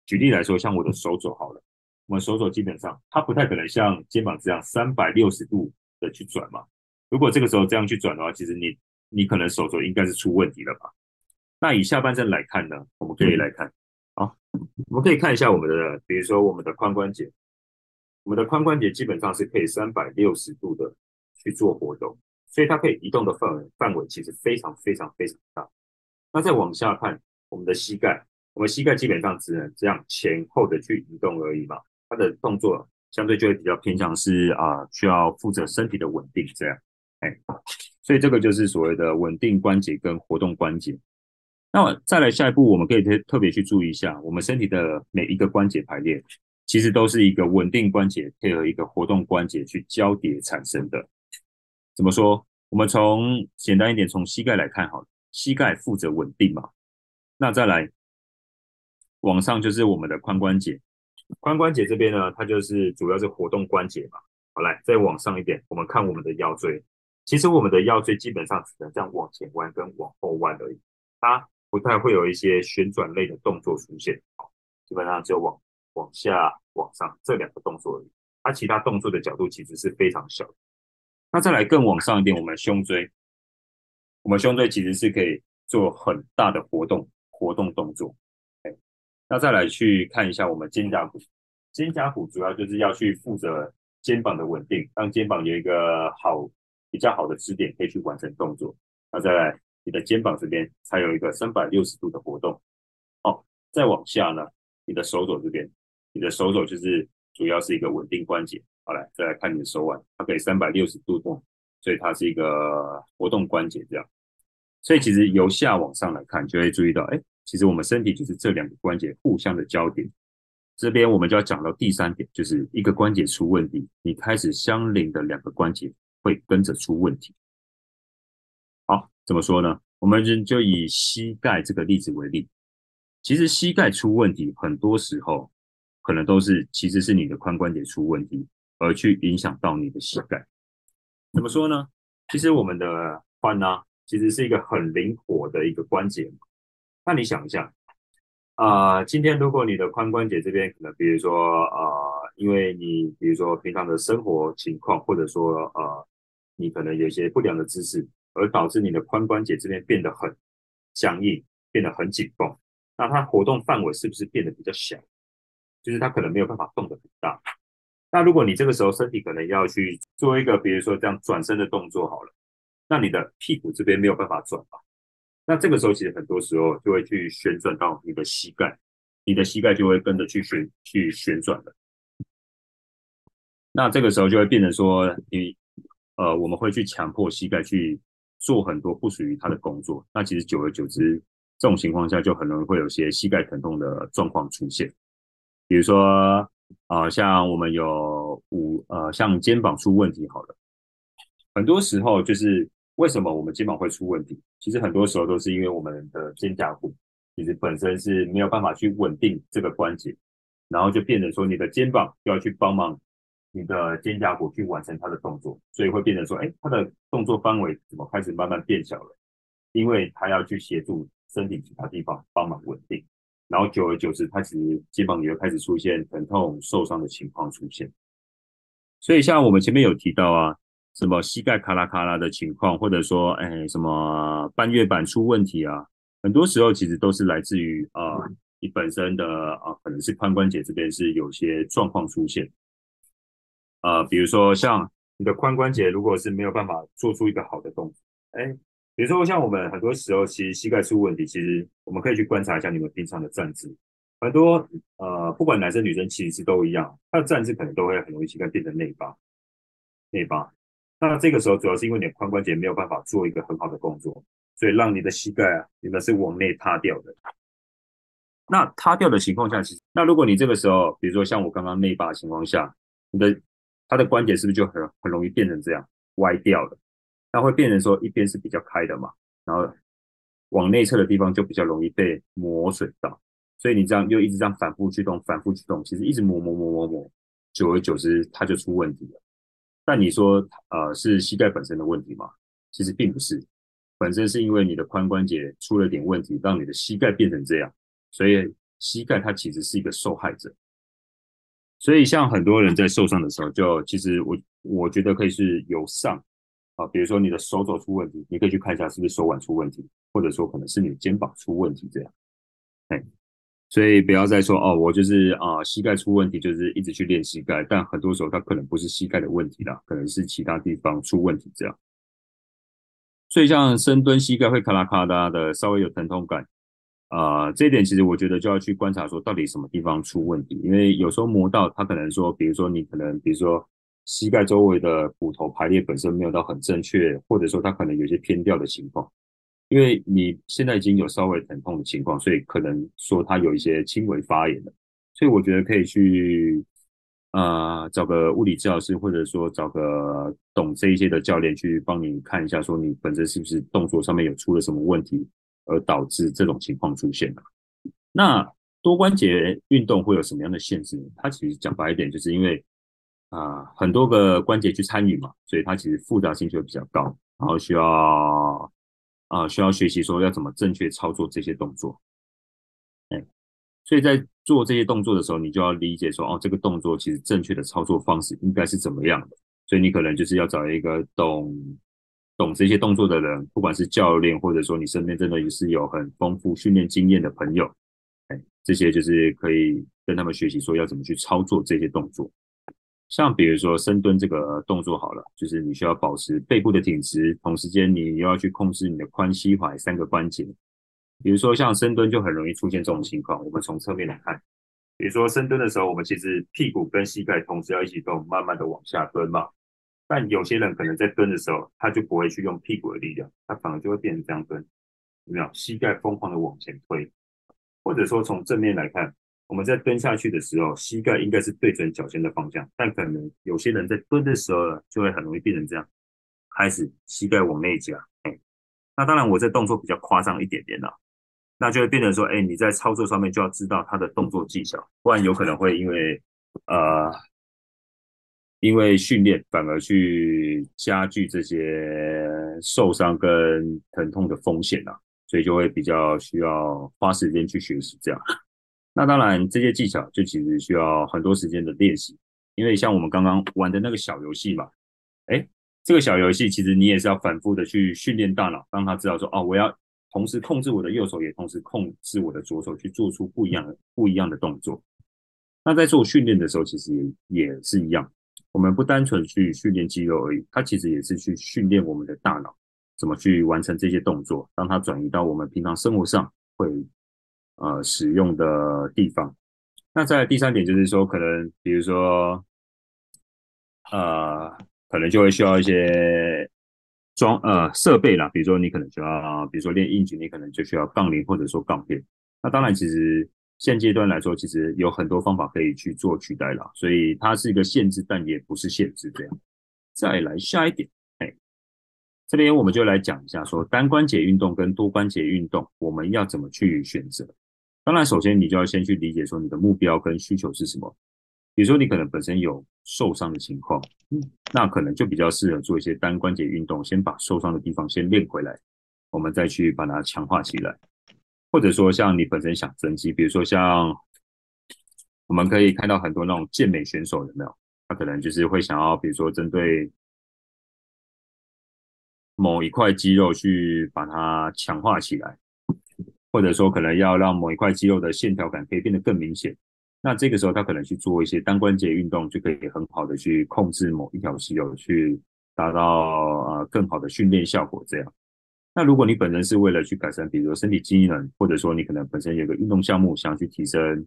舉例來說，像我的手肘好了，我們手肘基本上它不太可能像肩膀這樣三百六十度的去轉嘛。如果這個時候這樣去轉的話，其實你你可能手肘應該是出問題了吧。那以下半身來看呢，我們可以來看、嗯，好，我們可以看一下我們的，比如說我們的髖關節，我們的髖關節基本上是可以三百六十度的去做活動，所以它可以移動的範圍範圍其實非常非常非常大。那再往下看，我們的膝蓋，我們膝蓋基本上只能這樣前後的去移動而已嘛，它的動作相對就會比較偏向是啊、呃，需要負責身體的穩定這樣，哎，所以這個就是所謂的穩定關節跟活動關節。那我再來下一步，我們可以特特別去注意一下，我們身體的每一個關節排列，其實都是一個穩定關節配合一個活動關節去交疊產生的。怎麼說？我們從簡單一點，從膝蓋來看，好，膝蓋負責穩定嘛。那再來往上就是我們的髖關節，髖關節這邊呢，它就是主要是活動關節嘛。好，來再往上一點，我們看我們的腰椎，其實我們的腰椎基本上只能這樣往前彎跟往後彎而已、啊。它不太會有一些旋轉類的動作出現，好，基本上只有往往下、往上這兩個動作而已。它其他動作的角度其實是非常小的。那再來更往上一點，我們胸椎，我們胸椎其實是可以做很大的活動活動動作。那再來去看一下我們肩胛骨，肩胛骨主要就是要去負責肩膀的穩定，讓肩膀有一個好比較好的支點可以去完成動作。那再來。你的肩膀這邊才有一個三百六十度的活動，好，再往下呢，你的手肘這邊，你的手肘就是主要是一個穩定關節。好來，再來看你的手腕，它可以三百六十度動。所以它是一個活動關節。這樣，所以其實由下往上來看，就會注意到，哎，其實我們身體就是這兩個關節互相的交點。這邊我們就要講到第三點，就是一個關節出問題，你開始相鄰的兩個關節會跟着出問題。怎麼說呢？我們就以膝蓋這個例子為例。其實膝蓋出問題，很多時候可能都是其實是你的髖關節出問題，而去影響到你的膝蓋。怎麼說呢？其實我們的髖呢、啊，其實是一個很靈活的一個關節嘛。那你想一下，啊、呃，今天如果你的髖關節這邊可能，比如說啊、呃，因為你比如說平常的生活情況，或者說啊、呃，你可能有些不良的姿勢。而導致你的髖關節這邊變得很僵硬，變得很緊繃。那它活動範圍是不是變得比較小？就是它可能沒有辦法動得很大。那如果你這個時候身體可能要去做一個，比如說這樣轉身的動作好了，那你的屁股這邊沒有辦法轉吧？那這個時候其實很多時候就會去旋轉到你的膝蓋，你的膝蓋就會跟着去旋去旋轉了。那這個時候就會變成說，你呃，我們會去強迫膝蓋去。做很多不屬於他的工作，那其實久而久之，這種情況下就可能會有些膝蓋疼痛的狀況出現。比如說啊，呃，像我們有五呃，像肩膀出問題好了，很多時候就是為什麼我們肩膀會出問題？其實很多時候都是因為我們的肩胛骨其實本身是沒有辦法去穩定這個關節，然後就變成說你的肩膀要去幫忙。你的肩胛骨，去完成它的動作，所以會變成說，哎、欸，它的動作範圍怎麼開始慢慢變小了？因為它要去協助身體其他地方幫忙穩定，然後久而久之，它其實肩膀也會開始出現疼痛、受傷的情況出現。所以像我們前面有提到啊，什麼膝蓋咔啦咔啦的情況，或者說，哎、欸，什麼半月板出問題啊，很多時候其實都是來自於啊、呃嗯，你本身的啊、呃，可能是髖關節這邊是有些狀況出現。呃，比如說像你的髖關節，如果是沒有辦法做出一個好的動作，哎，比如說像我們很多時候其實膝蓋出問題，其實我們可以去觀察一下你們平常的站姿。很多呃，不管男生女生，其實都一樣，他的站姿可能都會很容易膝蓋變成內八。內八，那這個時候主要是因為你的髖關節沒有辦法做一個很好的動作，所以讓你的膝蓋啊，你們是往內塌掉的。那塌掉的情況下，其實那如果你這個時候，比如說像我剛剛內八的情況下，你的它的關節是不是就很很容易變成這樣歪掉了？那會變成說一邊是比較開的嘛，然後往內側的地方就比較容易被磨損到。所以你這樣又一直這樣反覆去動，反覆去動，其實一直磨磨磨磨磨磨，久而久之它就出問題了。但你說，呃，是膝蓋本身的問題嗎？其實並不是，本身是因為你的髖關節出了點問題，讓你的膝蓋變成這樣，所以膝蓋它其實是一個受害者。所以，像很多人在受傷的時候，就其實我我覺得可以是由上啊，比如說你的手肘出問題，你可以去看一下是不是手腕出問題，或者說可能是你的肩膀出問題這樣。哎，所以不要再說哦，我就是啊膝蓋出問題，就是一直去練膝蓋，但很多時候它可能不是膝蓋的問題啦，可能是其他地方出問題這樣。所以，像深蹲膝蓋會咔啦咔啦的，稍微有疼痛感。啊、呃，這一點其實我覺得就要去觀察說到底什麼地方出問題，因為有時候磨到他可能說，比如說你可能比如說膝蓋周圍的骨頭排列本身沒有到很正確，或者說他可能有一些偏掉的情況，因為你現在已經有稍微疼痛的情況，所以可能說他有一些輕微發炎了，所以我覺得可以去啊、呃、找個物理治療師，或者說找個懂這一些的教練去幫你看一下，說你本身是不是動作上面有出了什麼問題。而導致這種情況出現的，那多關節運動會有什麼樣的限制呢？它其實講白一點，就是因為啊、呃、很多個關節去參與嘛，所以它其實複雜性就會比較高，然後需要啊、呃、需要學習說要怎麼正確操作這些動作，哎，所以在做這些動作的時候，你就要理解說哦，這個動作其實正確的操作方式應該是怎麼樣的，所以你可能就是要找一個懂。懂這些動作的人，不管是教練，或者說你身邊真的也是有很豐富訓練經驗的朋友，哎，這些就是可以跟他們學習，說要怎麼去操作這些動作。像比如說深蹲這個動作好了，就是你需要保持背部的挺直，同時間你又要去控制你的髖膝踝三個關節。比如說像深蹲就很容易出現這種情況，我們從側面來看，比如說深蹲的時候，我們其實屁股跟膝蓋同時要一起動，慢慢的往下蹲嘛。但有些人可能在蹲的時候，他就不會去用屁股的力量，他反而就會變成這樣蹲，有沒有？膝蓋瘋狂的往前推，或者說從正面來看，我們在蹲下去的時候，膝蓋應該是對準腳尖的方向，但可能有些人在蹲的時候呢，就會很容易變成這樣，開始膝蓋往內夾，欸，那當然我在動作比較誇張一點點啦，那就會變成說，哎，欸，你在操作上面就要知道他的動作技巧，不然有可能會因為，呃。因為訓練反而去加劇這些受傷跟疼痛的風險吶、啊，所以就會比較需要花時間去學習這樣。那當然，這些技巧就其實需要很多時間的練習。因為像我們剛剛玩的那個小遊戲嘛，哎，這個小遊戲其實你也是要反覆的去訓練大腦，讓他知道說，哦，我要同時控制我的右手，也同時控制我的左手去做出不一樣的不一樣的動作。那在做訓練的時候，其實也也是一樣。我們不單純去訓練肌肉而已，它其實也是去訓練我們的大腦怎麼去完成這些動作，讓它轉移到我們平常生活上會呃使用的地方。那在第三點就是說，可能比如說呃，可能就會需要一些裝呃設備啦，比如說你可能需要，比如說練硬舉，你可能就需要槓鈴或者說槓片。那當然，其實。現階段來說，其實有很多方法可以去做取代了，所以它是一個限制，但也不是限制這樣。再來下一點，哎、欸，這邊我們就來講一下說，說單關節運動跟多關節運動，我們要怎麼去選擇？當然，首先你就要先去理解說你的目標跟需求是什麼。比如說，你可能本身有受傷的情況，那可能就比較適合做一些單關節運動，先把受傷的地方先練回來，我們再去把它強化起來。或者說，像你本身想增肌，比如說像我們可以看到很多那種健美選手有沒有？他可能就是會想要，比如說針對某一塊肌肉去把它強化起來，或者說可能要讓某一塊肌肉的線條感可以變得更明顯。那這個時候他可能去做一些單關節運動，就可以很好的去控制某一條肌肉，去達到呃更好的訓練效果這樣。那如果你本身是為了去改善，比如說身體機能，或者說你可能本身有個運動項目想去提升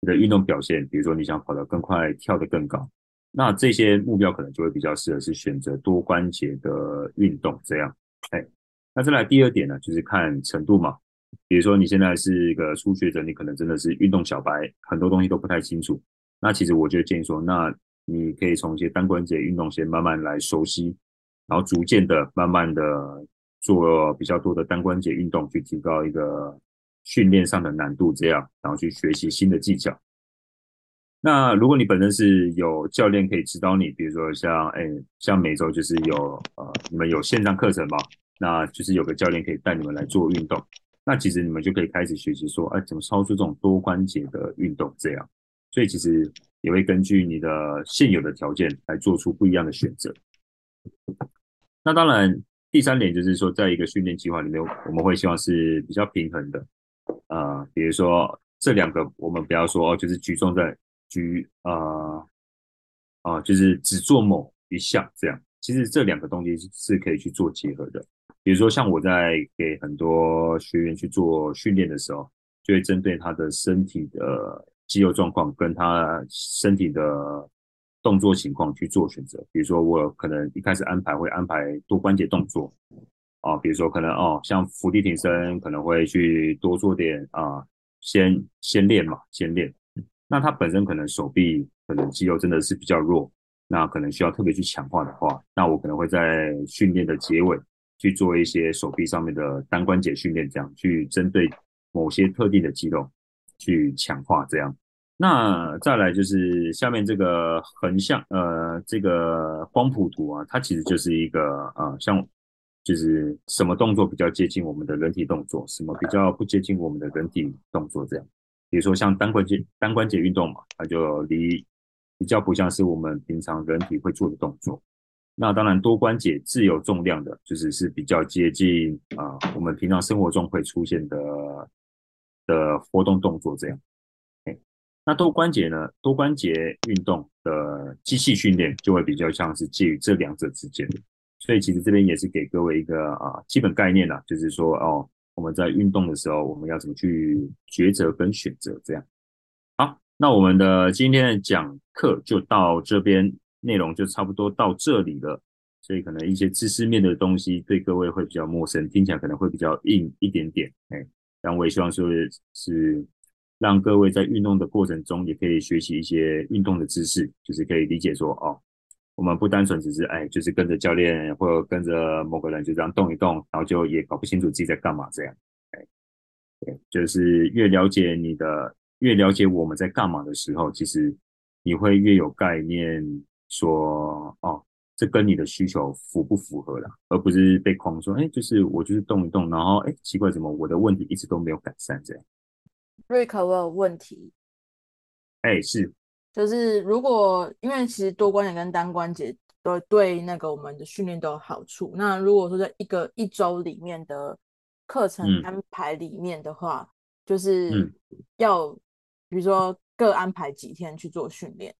你的運動表現，比如說你想跑得更快、跳得更高，那這些目標可能就會比較適合是選擇多關節的運動。這樣，哎，那再來第二點呢，就是看程度嘛。比如說你現在是一個初學者，你可能真的是運動小白，很多東西都不太清楚。那其實我就建議說，那你可以從一些單關節運動先慢慢來熟悉，然後逐漸的、慢慢的。做比較多的單關節運動，去提高一個訓練上的難度，這樣，然後去學習新的技巧。那如果你本身是有教練可以指導你，比如說像誒、欸，像每周就是有呃，你們有線上課程嘛？那就是有個教練可以帶你們來做運動。那其實你們就可以開始學習說，哎、啊，怎麼操作這種多關節的運動？這樣，所以其實也會根據你的現有的條件來做出不一樣的選擇。那當然。第三點就是說，在一個訓練計劃裡面，我們會希望是比較平衡的，啊、呃，比如說這兩個，我們不要說哦，就是集中在舉，啊、呃呃，就是只做某一項這樣。其實這兩個東西是，是可以去做結合的。比如說，像我在給很多學員去做訓練的時候，就會針對他的身體的肌肉狀況跟他身體的。動作情況去做選擇，比如說我可能一開始安排，會安排多關節動作啊、呃，比如說可能哦，像伏地挺身可能會去多做點啊、呃，先先練嘛，先練。那他本身可能手臂可能肌肉真的是比較弱，那可能需要特別去強化的話，那我可能會在訓練的結尾去做一些手臂上面的單關節訓練，這樣去針對某些特定的肌肉去強化這樣。那再來就是下面這個橫向，呃，這個光譜圖啊，它其實就是一個啊、呃，像就是什麼動作比較接近我們的人體動作，什麼比較不接近我們的人體動作這樣。比如說像單關節、單關節運動嘛，它就離比較不像是我們平常人體會做的動作。那當然多關節自由重量的，就是是比較接近啊、呃，我們平常生活中會出現的的活動動作這樣。那多關節呢？多關節運動的機器訓練就會比較像是介於這兩者之間，所以其實這邊也是給各位一個啊基本概念啦，就是說哦，我們在運動的時候，我們要怎麼去抉擇跟選擇這樣。好，那我們的今天的講課就到這邊，內容就差不多到這裡了。所以可能一些知識面的東西對各位會比較陌生，聽起來可能會比較硬一點點，哎，但我也希望說是。讓各位在運動的過程中，也可以學習一些運動的知識，就是可以理解說，哦，我們不單純只是，哎，就是跟着教練或者跟着某個人就這樣動一動，然後就也搞不清楚自己在幹嘛這樣，哎，就是越了解你的，越了解我們在幹嘛的時候，其實你會越有概念說，哦，這跟你的需求符不符合啦，而不是被框說，哎，就是我就是動一動，然後，哎，奇怪什麼，我的問題一直都沒有改善這樣。Rick 我有問題，哎、欸、是，就是如果因為其實多關節跟單關節都對那個我們的訓練都有好處。那如果說在一個一周裡面的課程安排裡面的話，嗯、就是要、嗯、比如說各安排幾天去做訓練，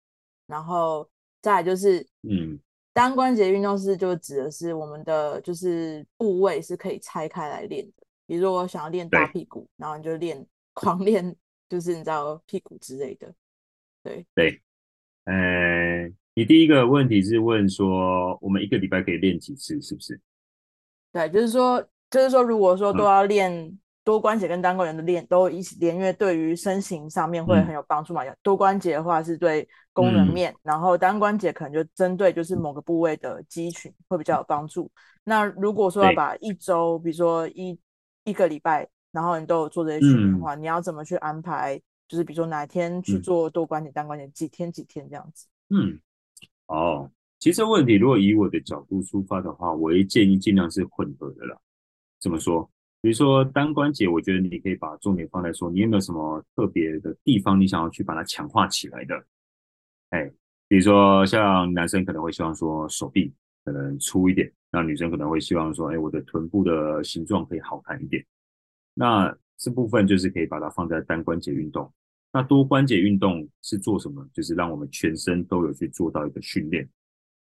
然後再來就是嗯，單關節運動是就指的是我們的就是部位是可以拆開來練的。比如說我想要練大屁股，然後你就練。狂練就是你知道屁股之類的，對對、欸，你第一個問題是問說我們一個禮拜可以練幾次，是不是？對，就是說，就是說，如果說都要練多關節跟單關節的練、嗯、都一起連，因為對於身形上面會很有幫助嘛。多關節的話是對功能面、嗯，然後單關節可能就針對就是某個部位的肌群會比較有幫助、嗯。那如果說要把一周，比如說一一個禮拜。然後你都有做這些訓練的話、嗯，你要怎麼去安排？就是比如說哪天去做多關節、嗯、單關節，幾天幾天這樣子。嗯，哦，其實問題如果以我的角度出發的話，我會建議盡量是混合的啦。怎麼說？比如說單關節，我覺得你可以把重點放在說你有沒有什麼特別的地方，你想要去把它強化起來的。哎，比如說像男生可能會希望說手臂可能粗一點，那女生可能會希望說，哎，我的臀部的形狀可以好看一點。那這部分就是可以把它放在單關節運動。那多關節運動是做什麼？就是讓我們全身都有去做到一個訓練。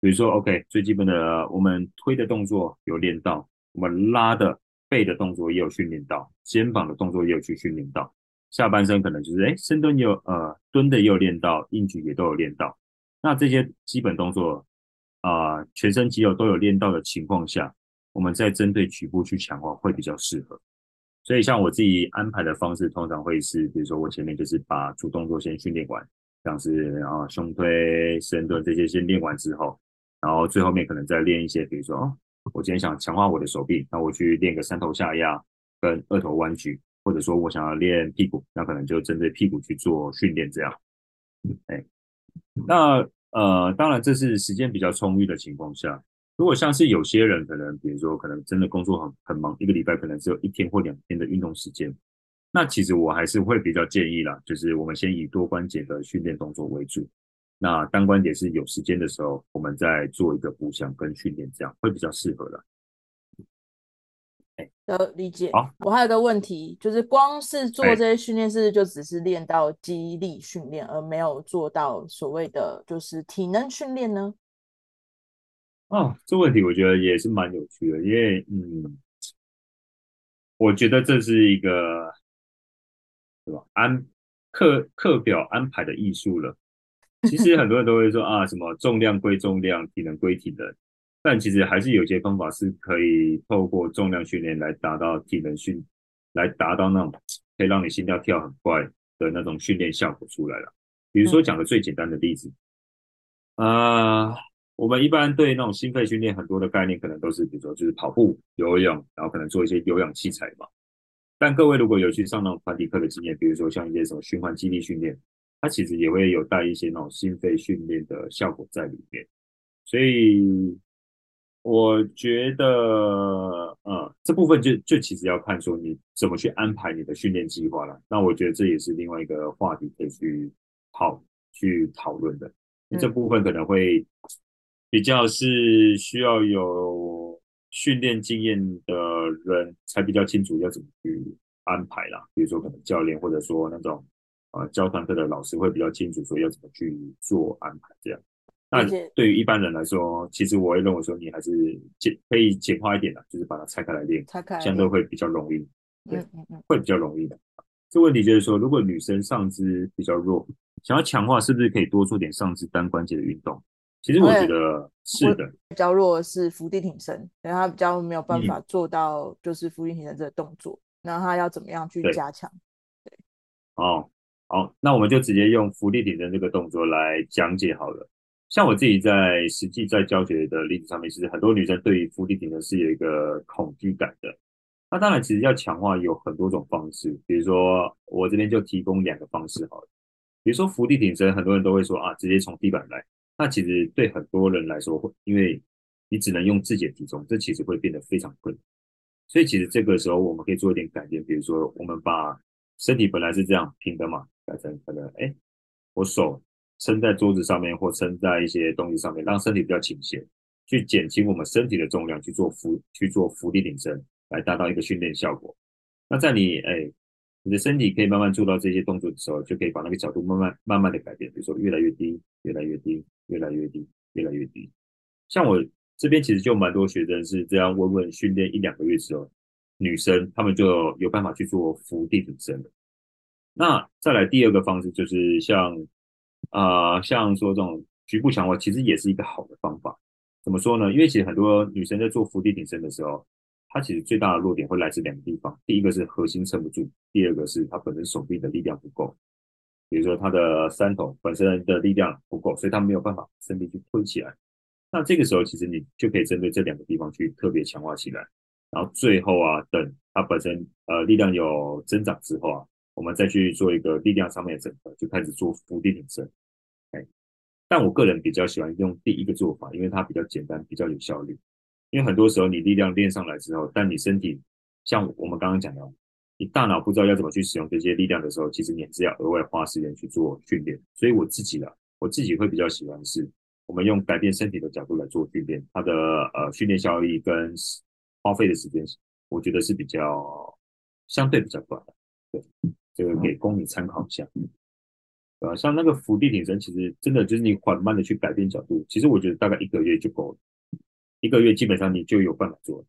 比如說，OK，最基本的我們推的動作有練到，我們拉的背的動作也有訓練到，肩膀的動作也有去訓練到，下半身可能就是哎、欸，深蹲也有呃蹲的也有練到，硬舉也都有練到。那這些基本動作啊、呃，全身肌肉都有練到的情況下，我們再針對局部去強化會比較適合。所以，像我自己安排的方式，通常會是，比如說我前面就是把主動作先訓練完，像是啊胸推、深蹲這些先練完之後，然後最後面可能再練一些，比如說我今天想強化我的手臂，那我去練個三頭下壓跟二頭彎舉，或者說我想要練屁股，那可能就針對屁股去做訓練這樣。哎，那呃，當然這是時間比較充裕的情況下。如果像是有些人可能，比如說可能真的工作很很忙，一個禮拜可能只有一天或兩天的運動時間，那其實我還是會比較建議啦，就是我們先以多關節的訓練動作為主，那單關節是有時間的時候，我們再做一個補強跟訓練，這樣會比較適合的。呃，理解，哦。我還有個問題，就是光是做這些訓練，是不是就只是練到肌力訓練，而沒有做到所謂的就是體能訓練呢？哦，這問題我覺得也是蠻有趣的，因為嗯，我覺得這是一個對吧？安課課表安排的藝術了。其實很多人都會說啊，什麼重量歸重量，體能歸體能。但其實還是有些方法是可以透過重量訓練來達到體能訓，來達到那種可以讓你心跳跳很快的那種訓練效果出來了。比如說講個最簡單的例子，啊、嗯。呃我們一般對那種心肺訓練很多的概念，可能都是比如說就是跑步、游泳，然後可能做一些有氧器材嘛。但各位如果有去上那種團體課的經驗，比如說像一些什麼循環肌力訓練，它其實也會有帶一些那種心肺訓練的效果在裡面。所以我覺得，呃、嗯，這部分就就其實要看說你怎麼去安排你的訓練計劃了。那我覺得這也是另外一個話題可以去討去討論的。這部分可能會比較是需要有訓練經驗的人才比較清楚要怎麼去安排啦，比如說可能教練或者說那種啊、呃、教團課的老師會比較清楚說要怎麼去做安排這樣。那對於一般人來說，其實我也認為說你還是簡可以簡化一點啦，就是把它拆開來練，拆開相對會比較容易。對，嗯嗯嗯，會比較容易的。這問題就是說，如果女生上肢比較弱，想要強化，是不是可以多做點上肢單關節的運動？其實我覺得是的，比較弱的是伏地挺身，因為他比較沒有辦法做到就是伏地挺身這個動作，嗯，那他要怎麼樣去加強？對，哦，好，那我們就直接用伏地挺身這個動作來講解好了。像我自己在實際在教學的例子上面是，是很多女生對於伏地挺身是有一個恐懼感的。那當然，其實要強化有很多種方式，比如說我這邊就提供兩個方式好了。比如說伏地挺身，很多人都會說啊，直接從地板來。那其實對很多人來說，會因為你只能用自己的體重，這其實會變得非常困難。所以其實這個時候，我們可以做一點改變，比如說我們把身體本來是這樣平的嘛，改成可能哎、欸，我手撐在桌子上面或撐在一些東西上面，讓身體比較傾斜，去減輕我們身體的重量，去做伏去做伏地挺身，來達到一個訓練效果。那在你哎、欸，你的身體可以慢慢做到這些動作的時候，就可以把那個角度慢慢慢慢的改變，比如說越來越低，越來越低。越來越低，越來越低。像我這邊其實就蠻多學生是這樣，穩穩訓練一兩個月之後，女生她們就有辦法去做伏地挺身了。那再來第二個方式就是像啊、呃，像說這種局部強化，其實也是一個好的方法。怎麼說呢？因為其實很多女生在做伏地挺身的時候，她其實最大的弱點會來自兩個地方：第一個是核心撐不住，第二個是她本身手臂的力量不夠。比如說他的三頭本身的力量不夠，所以他沒有辦法身體去推起來。那這個時候其實你就可以針對這兩個地方去特別強化起來，然後最後啊，等他本身呃力量有增長之後啊，我們再去做一個力量上面的整合，就開始做伏地挺身。Okay. 但我個人比較喜歡用第一個做法，因為它比較簡單，比較有效率。因為很多時候你力量練上來之後，但你身體像我們剛剛講的。你大腦不知道要怎麼去使用這些力量的時候，其實你也是要額外花時間去做訓練。所以我自己啦，我自己會比較喜歡的是我們用改變身體的角度來做訓練，它的呃訓練效益跟花費的時間，我覺得是比較相對比較短的。對，這個可以供你參考一下。嗯、呃，像那個伏地挺身，其實真的就是你緩慢的去改變角度，其實我覺得大概一個月就夠了，一個月基本上你就有辦法做了。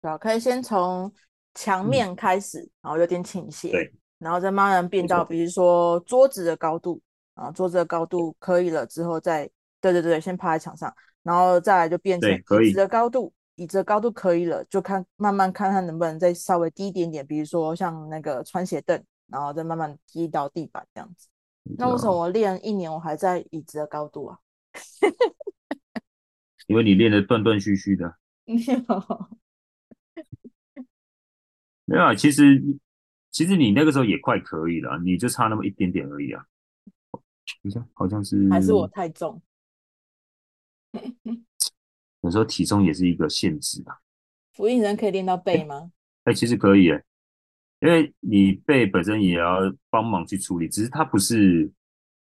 好，可以先從。牆面開始，嗯，然後有點傾斜，然後再慢慢變到，比如說桌子的高度，啊，桌子的高度可以了之後再，再對對對，先趴在牆上，然後再來就變成椅子的高度，椅子的高度可以了，就看慢慢看看能不能再稍微低一點點，比如說像那個穿鞋凳，然後再慢慢低到地板這樣子。那為什麼我練一年我還在椅子的高度啊？因為你練的斷斷續續的。 沒有啊，其實其實你那個時候也快可以了，你就差那麼一點點而已啊。好像好像是還是我太重， 有時候體重也是一個限制吧，啊。伏地挺身可以練到背嗎？哎、欸，其實可以耶，因為你背本身也要幫忙去處理，只是它不是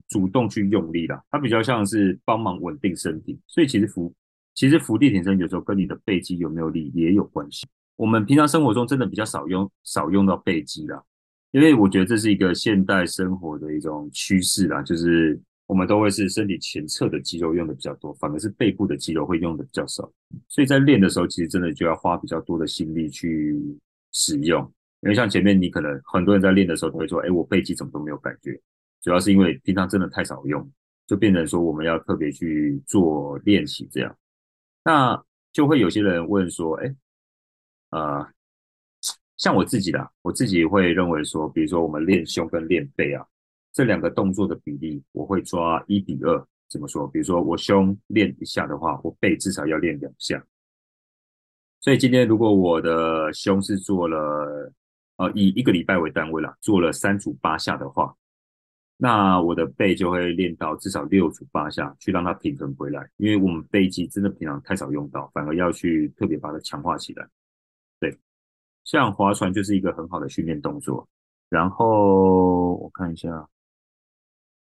主動去用力了，它比較像是幫忙穩定身體。所以其實伏其實伏地挺身有時候跟你的背肌有沒有力也有關係。我們平常生活中真的比較少用、少用到背肌啦，因為我覺得這是一個現代生活的一種趨勢啦，就是我們都會是身體前側的肌肉用的比較多，反而是背部的肌肉會用的比較少，所以在練的時候其實真的就要花比較多的心力去使用，因為像前面你可能很多人在練的時候都會說，哎，我背肌怎麼都沒有感覺，主要是因為平常真的太少用，就變成說我們要特別去做練習這樣，那就會有些人問說，哎。呃，像我自己啦，我自己會認為說，比如說我們練胸跟練背啊，這兩個動作的比例，我會抓一比二。怎麼說？比如說我胸練一下的話，我背至少要練兩下。所以今天如果我的胸是做了，呃，以一個禮拜為單位啦，做了三組八下的話，那我的背就會練到至少六組八下，去讓它平衡回來。因為我們背肌真的平常太少用到，反而要去特別把它強化起來。像划船就是一個很好的訓練動作。然後我看一下，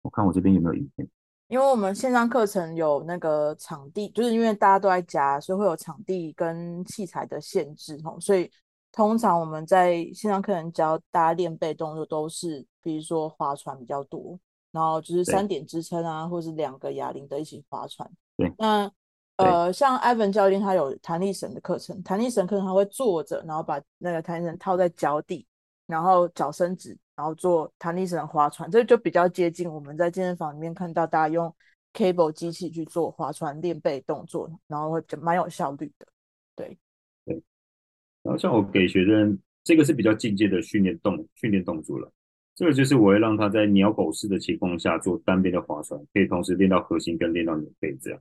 我看我這邊有沒有影片。因為我們線上課程有那個場地，就是因為大家都在家，所以會有場地跟器材的限制，哦，所以通常我們在線上課程教大家練背動作，都是比如說划船比較多，然後就是三點支撐啊，或是兩個啞鈴的一起划船。對。那呃，像 Evan 教練他有彈力繩的課程，彈力繩課程他會坐着，然後把那個彈力繩套在腳底，然後腳伸直，然後做彈力繩的划船，這就比較接近我們在健身房裡面看到大家用 cable 機器去做划船練背動作，然後會就蠻有效率的。對對，然後像我給學生，這個是比較進階的訓練動訓練動作了，這個就是我會讓他在鳥狗式的情況下做單邊的划船，可以同時練到核心跟練到你的背這樣。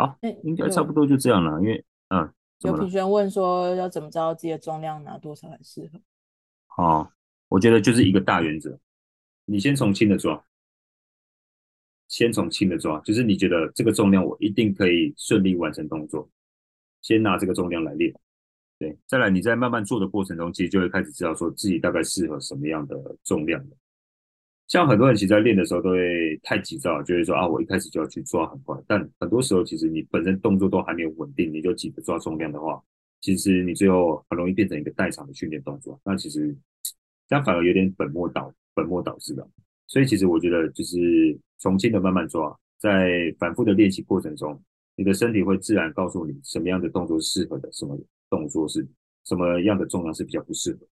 好，欸，應該差不多就這樣了，因為嗯，有學員問說要怎麼知道自己的重量拿多少來適合？好，我覺得就是一個大原則，你先從輕的抓，先從輕的抓，就是你覺得這個重量我一定可以順利完成動作，先拿這個重量來練，對，再來你在慢慢做的過程中，其實就會開始知道說自己大概適合什麼樣的重量的。像很多人其實，在練的時候都會太急躁，就會說啊，我一開始就要去抓很快。但很多時候，其實你本身動作都還沒有穩定，你就急着抓重量的話，其實你最後很容易變成一個代償的訓練動作。那其實這樣反而有點本末倒本末倒置了。所以，其實我覺得就是從輕的慢慢抓，在反覆的練習過程中，你的身體會自然告訴你什麼樣的動作適合的，什麼動作是什麼樣的重量是比較不適合。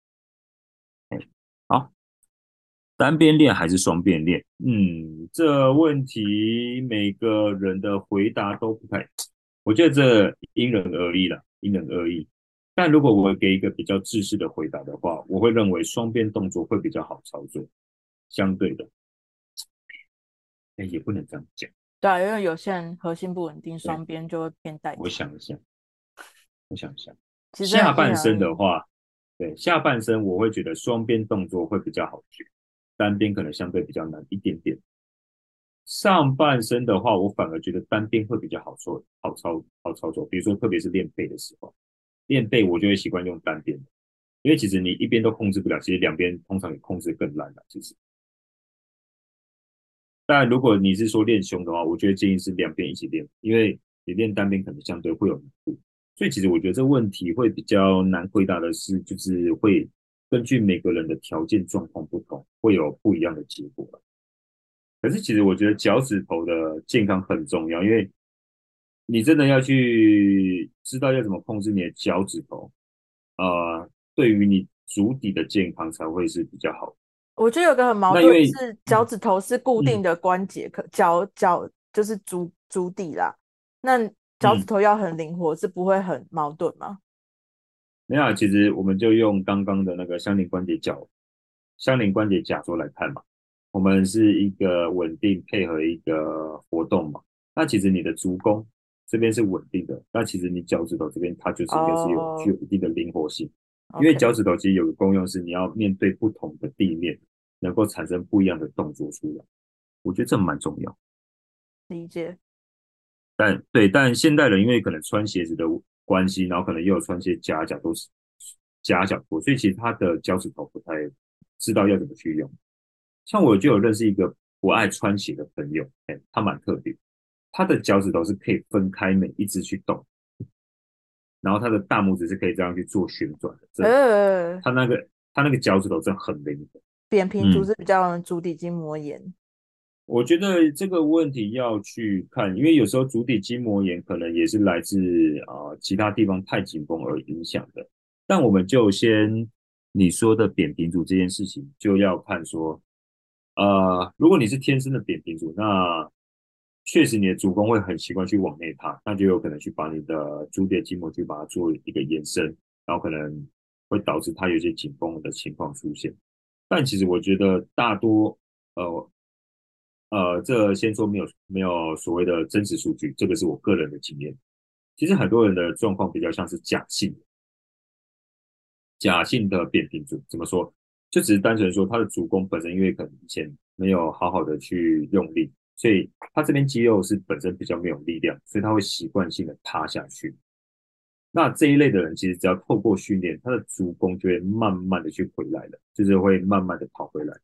單邊練還是雙邊練？嗯，這問題每個人的回答都不太……我覺得這因人而異啦，因人而異。但如果我給一個比較自私的回答的話，我會認為雙邊動作會比較好操作，相對的，誒、欸、也不能這樣講。對啊，因為有些人核心不穩定，雙邊就會偏帶。我想一下，我想一下，下半身的話，對，下半身，我會覺得雙邊動作會比較好去。單邊可能相對比較難一點點，上半身的話，我反而覺得單邊會比較好做，好操好操作。比如說，特別是練背的時候，練背我就會習慣用單邊，因為其實你一邊都控制不了，其實兩邊通常也控制更爛了，其實。但如果你是說練胸的話，我覺得建議是兩邊一起練，因為你練單邊可能相對會有難度。所以，其實我覺得這個問題會比較難回答的是，就是會。根據每個人的條件狀況不同，會有不一樣的結果。可是，其實我覺得腳趾頭的健康很重要，因為你真的要去知道要怎麼控制你的腳趾頭，呃，對於你足底的健康才會是比較好的。我覺得有個很矛盾，是腳趾頭是固定的關節，嗯，可腳腳就是足足底啦。那腳趾頭要很靈活，是不會很矛盾嗎？嗯那、啊、其實我們就用剛剛的那個相鄰關節角、相鄰關節假說來看嘛，我們是一個穩定配合一個活動嘛。那其實你的足弓這邊是穩定的，那其實你腳趾頭這邊它就是應該是有、oh, 具有一定的靈活性，okay. 因為腳趾頭其實有個功用是你要面對不同的地面，能夠產生不一樣的動作出來。我覺得這蠻重要。理解。但對，但現代人因為可能穿鞋子的。關係，然後可能又穿些夾腳、都是夾腳拖，所以其實他的腳趾頭不太知道要怎麼去用。像我就有認識一個不愛穿鞋的朋友，欸、他蠻特別，他的腳趾頭是可以分開，每一隻去動，然後他的大拇指是可以這樣去做旋轉的、呃，他那個他那個腳趾頭真的很靈的。扁平足是比較容易足底筋膜炎？嗯我覺得這個問題要去看，因為有時候足底筋膜炎可能也是來自啊、呃、其他地方太緊繃而影響的。但我們就先你說的扁平足這件事情，就要看說，呃，如果你是天生的扁平足，那確實你的足弓會很習慣去往內塌，那就有可能去把你的足底筋膜去把它做一個延伸，然後可能會導致它有些緊繃的情況出現。但其實我覺得大多呃。呃，這先說沒有沒有所謂的真實數據，這個是我個人的經驗。其實很多人的狀況比較像是假性的，假性的扁平足，怎麼說？就只是單純說他的足弓本身因為可能以前沒有好好的去用力，所以他這邊肌肉是本身比較沒有力量，所以他會習慣性的塌下去。那這一類的人，其實只要透過訓練，他的足弓就會慢慢的去回來了，就是會慢慢的跑回來。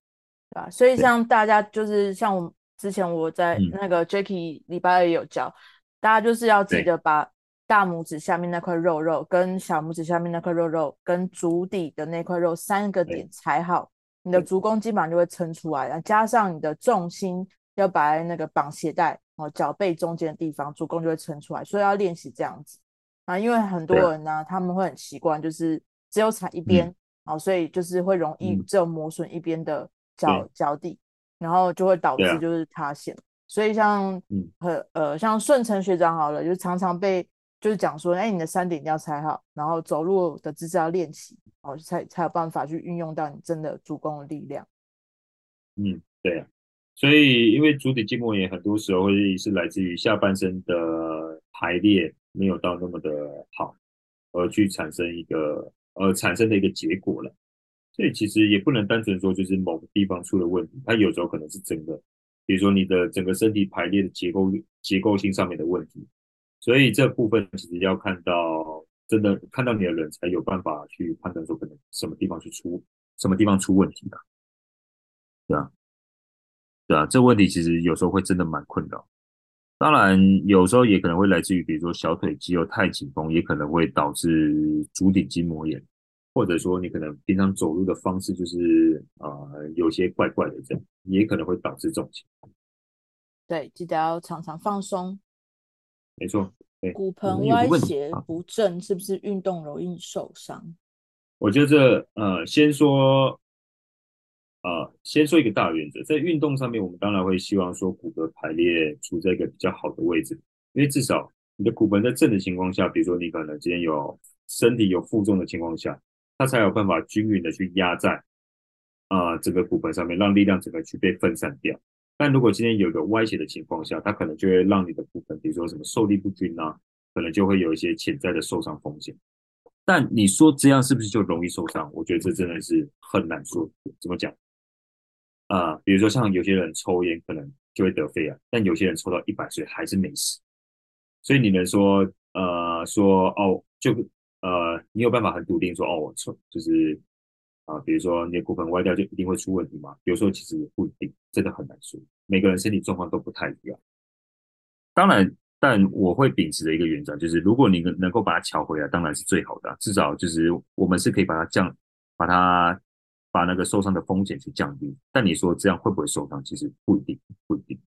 對、啊、吧？所以像大家就是像我之前我在那個 Jackie 禮拜二也有教、嗯，大家就是要記得把大拇指下面那塊肉肉跟小拇指下面那塊肉肉跟足底的那塊肉三個點踩好、嗯，你的足弓基本上就會撐出來，然後加上你的重心要擺在那個綁鞋帶哦腳背中間的地方，足弓就會撐出來。所以要練習這樣子啊，因為很多人呢、啊嗯、他們會很習慣就是只有踩一邊哦、嗯啊，所以就是會容易只有磨損一邊的。腳腳底，然後就會導致就是塌陷，啊、所以像和、嗯、呃像順承學長好了，就常常被就是講說，哎、欸，你的三點一定要踩好，然後走路的姿勢要練習哦，才才有辦法去運用到你真的足弓的力量。嗯，對啊，所以因為足底筋膜炎很多時候是來自於下半身的排列沒有到那麼的好，而去產生一個呃產生的一個結果了。所以其實也不能單純說就是某個地方出了問題，它有時候可能是整個，比如說你的整個身體排列的結構結構性上面的問題，所以這部分其實要看到真的看到你的人才有辦法去判斷說可能什麼地方去出什麼地方出問題的啊。對啊，對啊，這問題其實有時候會真的蠻困擾，當然有時候也可能會來自於比如說小腿肌肉太緊繃，也可能會導致足底筋膜炎。或者說，你可能平常走路的方式就是啊、呃，有些怪怪的這樣，也可能會導致這種情況。對，記得要常常放鬆。沒錯。欸、骨盆歪斜不正，啊，是不是運動容易受傷？我覺得這，呃，先說，呃先說一個大原則，在運動上面，我們當然會希望說骨骼排列處在一個比較好的位置，因為至少你的骨盆在正的情況下，比如說你可能今天有身體有負重的情況下。它才有辦法均勻的去壓在啊整、呃、個骨盆上面，讓力量整個去被分散掉。但如果今天有一個歪斜的情況下，它可能就會讓你的骨盆，比如說什麼受力不均吶、啊，可能就會有一些潛在的受傷風險。但你說這樣是不是就容易受傷？我覺得這真的是很難說。怎麼講啊、呃？比如說像有些人抽菸可能就會得肺癌、啊，但有些人抽到一百歲還是沒死。所以你們說呃說哦就。呃，你有辦法很篤定說，哦，我錯，就是啊、呃，比如說你的骨盆歪掉就一定會出問題嗎？比如說其實不一定，這個很難說，每個人身體狀況都不太一樣。當然，但我會秉持的一個原則就是，如果你能夠把它搶回來，當然是最好的、啊，至少就是我們是可以把它降，把它把那個受傷的風險去降低。但你說這樣會不會受傷？其實不一定，不一定。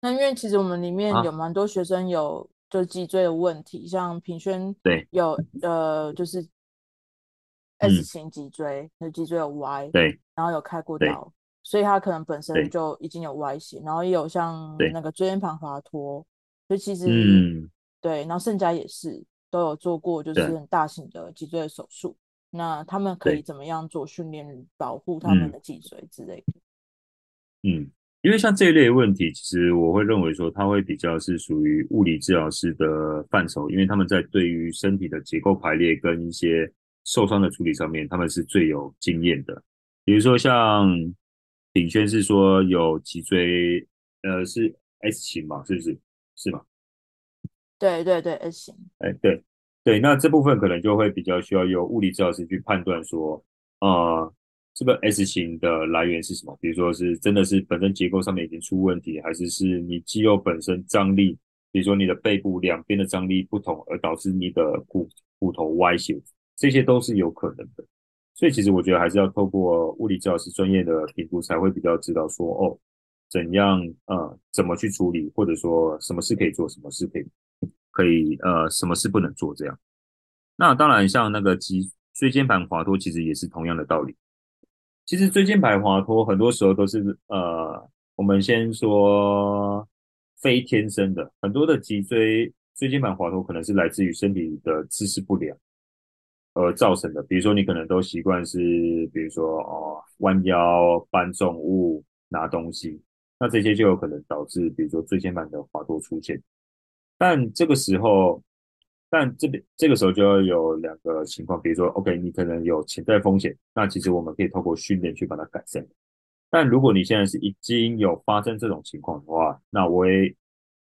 那因為其實我們裡面有蠻多學生有。啊就脊椎的問題，像平軒對有呃，就是 S 型脊椎。嗯、那脊椎有歪，對，然後有開過刀，所以他可能本身就已經有 Y 型，然後也有像那個椎間盤滑脫，所以其實嗯，對，然後盛家也是都有做過就是很大型的脊椎的手術，那他們可以怎麼樣做訓練保護他們的脊椎之類的？嗯。嗯因為像這一類問題，其實我會認為說，它會比較是屬於物理治療師的範疇，因為他們在對於身體的結構排列跟一些受傷的處理上面，他們是最有經驗的。比如說像秉軒是說有脊椎，呃，是 S 型嘛，是不是？是嗎？對對對，S 型。哎、欸，對對，那這部分可能就會比較需要由物理治療師去判斷說，啊、呃。這個 S 型的來源是什麼？比如說是真的是本身結構上面已經出問題，還是是你肌肉本身張力，比如說你的背部兩邊的張力不同而導致你的骨骨頭歪斜，這些都是有可能的。所以其實我覺得還是要透過物理治療師專業的評估才會比較知道說哦，怎樣呃怎麼去處理，或者說什麼事可以做，什麼事可以可以呃什麼事不能做這樣。那當然像那個脊椎間盤滑脫其實也是同樣的道理。其實椎間盤滑脫很多時候都是呃，我們先說非天生的，很多的脊椎椎間盤滑脫可能是來自於身體的姿勢不良而造成的。比如說你可能都習慣是，比如說哦彎腰搬重物，拿東西，那這些就有可能導致比如說椎間盤的滑脫出現。但這個時候。但這邊這個時候就要有兩個情況，比如說，OK，你可能有潛在風險，那其實我們可以透過訓練去把它改善。但如果你現在是已經有發生這種情況的話，那我也，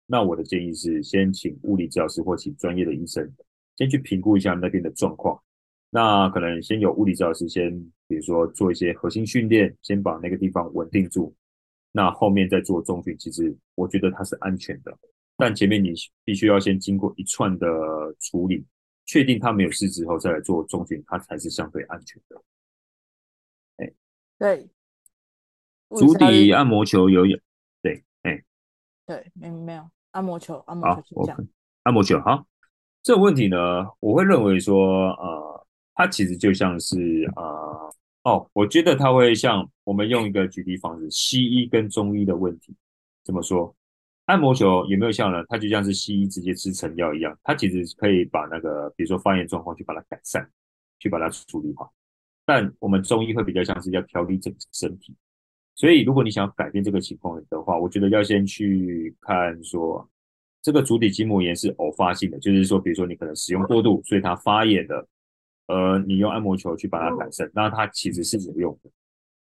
那我的建議是先請物理治療師或請專業的醫生先去評估一下那邊的狀況。那可能先有物理治療師先，比如說做一些核心訓練，先把那個地方穩定住，那後面再做重訓，其實我覺得它是安全的。但前面你必須要先經過一串的處理，確定它沒有事之後，再來做重訓，它才是相對安全的。欸、對，足底按摩球有有，對，哎、欸，對，沒沒有按摩球，按摩球、啊、OK，按摩球好，這個問題呢，我會認為說，呃，它其實就像是呃，哦，我覺得它會像我們用一個舉例方式，西醫跟中醫的問題，怎麼說？按摩球有沒有效呢？它就像是西醫直接吃成藥一樣，它其實可以把那個，比如說發炎狀況去把它改善，去把它處理好。但我們中醫會比較像是要調理整個身體，所以如果你想要改變這個情況的話，我覺得要先去看說，這個足底筋膜炎是偶發性的，就是說，比如說你可能使用過度，所以它發炎了。呃，你用按摩球去把它改善，那它其實是有用的。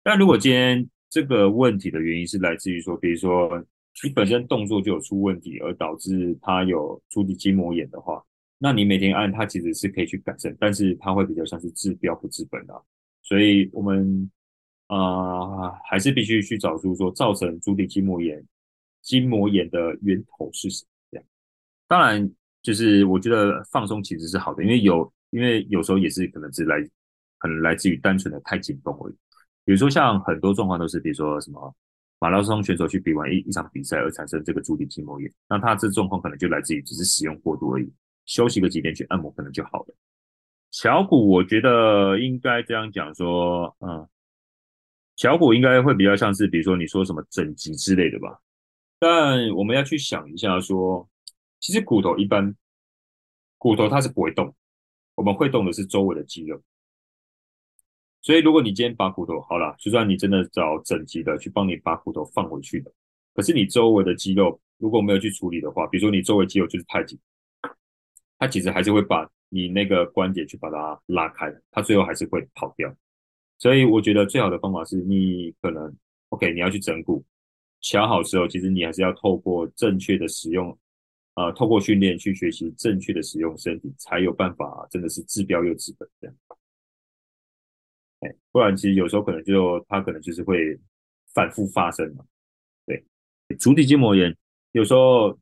但如果今天這個問題的原因是來自於說，比如說。你本身動作就有出問題，而導致他有足底筋膜炎的話，那你每天按它其實是可以去改善，但是它會比較像是治標不治本的，啊。所以，我們啊、呃、還是必須去找出說造成足底筋膜炎、筋膜炎的源頭是什麼樣。當然，就是我覺得放鬆其實是好的，因為有，因為有時候也是可能是來，可能來自於單純的太緊繃而已。比如說像很多狀況都是，比如說什麼，馬拉松選手去比完一一場比賽而產生這個足底筋膜炎，那他這狀況可能就來自於只是使用過度而已，休息個幾天去按摩可能就好了。小骨我覺得應該這樣講說，嗯，小骨應該會比較像是比如說你說什麼整脊之類的吧，但我們要去想一下說，其實骨頭一般，骨頭它是不會動，我們會動的是周圍的肌肉。所以，如果你今天把骨頭好了，就算你真的找整脊的去幫你把骨頭放回去的，可是你周圍的肌肉如果沒有去處理的話，比如說你周圍肌肉就是太緊，它其實還是會把你那個關節去把它拉開的，它最後還是會跑掉。所以，我覺得最好的方法是你可能 OK，你要去整骨，喬好之後，其實你還是要透過正確的使用，呃，透過訓練去學習正確的使用身體，才有辦法真的是治標又治本這樣。哎，不然其實有時候可能就他可能就是會反复发生嘛。對，足底筋膜炎有時候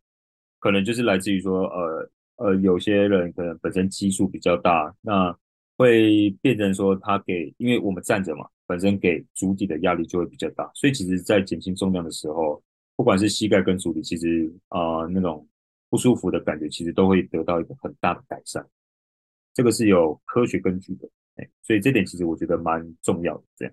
可能就是來自於說，呃呃，有些人可能本身基數比較大，那會變成說他給，因為我們站着嘛，本身給足底的壓力就會比較大，所以其實，在減輕重量的時候，不管是膝蓋跟足底，其實啊、呃、那種不舒服的感覺，其實都會得到一個很大的改善。這個是有科學根據的。欸、所以這點其實我覺得蠻重要的。這樣，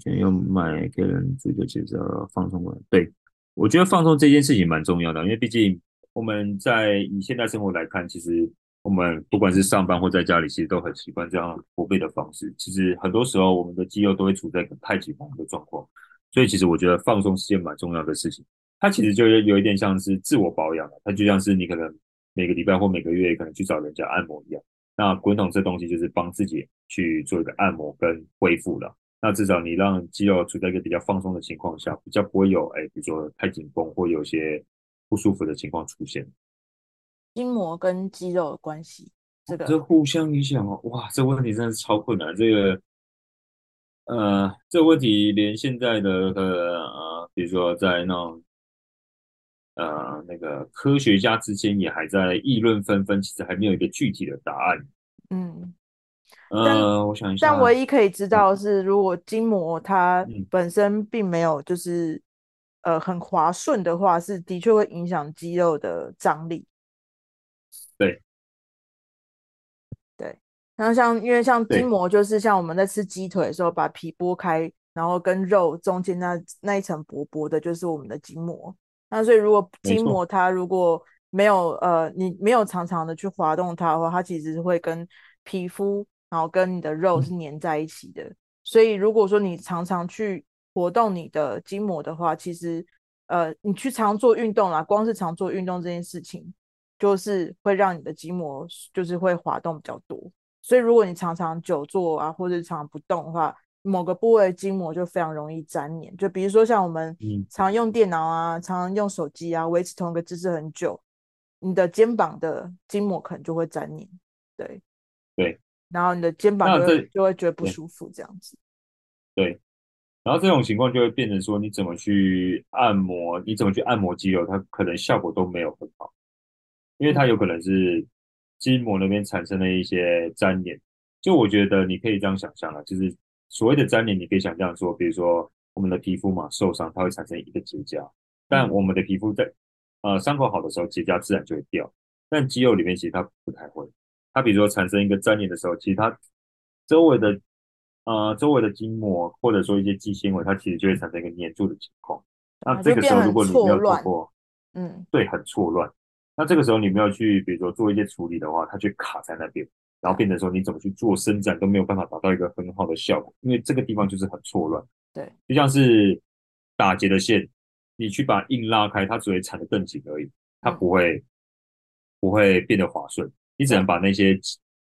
覺得要買給人做一個叫放鬆的。對，我覺得放鬆這件事情蠻重要的，因為畢竟我們在以現代生活來看，其實我們不管是上班或在家裡，其實都很習慣這樣駝背的方式。其實很多時候我們的肌肉都會處在很太緊繃的狀況。所以其實我覺得放鬆是件蠻重要的事情。它其實就有一點像是自我保養，它就像是你可能每個禮拜或每個月可能去找人家按摩一樣。那滾筒這東西就是幫自己去做一個按摩跟恢復了。那至少你讓肌肉處在一個比較放鬆的情況下，比較不會有誒比如說太緊繃或有些不舒服的情況出現。筋膜跟肌肉的關係，是的，這個啊，這互相影響哦。哇，這問題真的是超困難。這個呃，這問題連現在的呃，比如說在那。呃，那個科學家之間也還在議論紛紛，其實還沒有一個具體的答案。嗯，呃，我想一下，但唯一可以知道的是，如果筋膜它本身並沒有，就是、嗯、呃很滑順的話，是的確會影響肌肉的張力。對，對。然後像因為像筋膜，就是像我們在吃雞腿的時候，把皮剝開，然後跟肉中間那那一層薄薄的，就是我們的筋膜。那所以，如果筋膜它如果沒有沒呃，你沒有常常的去滑動它的話，它其實是會跟皮膚，然後跟你的肉是粘在一起的。嗯、所以，如果說你常常去活動你的筋膜的話，其實呃，你去常做運動啦，光是常做運動這件事情，就是會讓你的筋膜就是會滑動比較多。所以，如果你常常久坐啊，或者是常、常不動的話，某個部位的筋膜就非常容易粘黏，就比如說像我們常用電腦啊，嗯、常常用手機啊，維持同一個姿勢很久，你的肩膀的筋膜可能就會粘黏。對，對，然後你的肩膀就會就會覺得不舒服這樣子，對，對，然後這種情況就會變成說，你怎麼去按摩，你怎麼去按摩肌肉，它可能效果都沒有很好，因為它有可能是筋膜那邊產生了一些粘連，就我覺得你可以這樣想象啊，就是。所謂的粘連，你可以想像說，比如說我們的皮膚嘛，受傷，它會產生一個結痂，但我們的皮膚在呃傷口好的時候，結痂自然就會掉。但肌肉裡面其實它不太會，它比如說產生一個粘連的時候，其實它周圍的呃周圍的筋膜或者說一些肌纖維，它其實就會產生一個黏住的情況、啊。那這個時候如果你沒有做過，嗯，對，很錯亂。那這個時候你沒有去比如說做一些處理的話，它就卡在那邊。然後變的時候，你怎麼去做伸展都沒有辦法達到一個很好的效果，因為這個地方就是很錯亂。對，就像是打結的線，你去把硬拉開，它只會纏得更緊而已，它不會、嗯、不會變得滑順。你只能把那些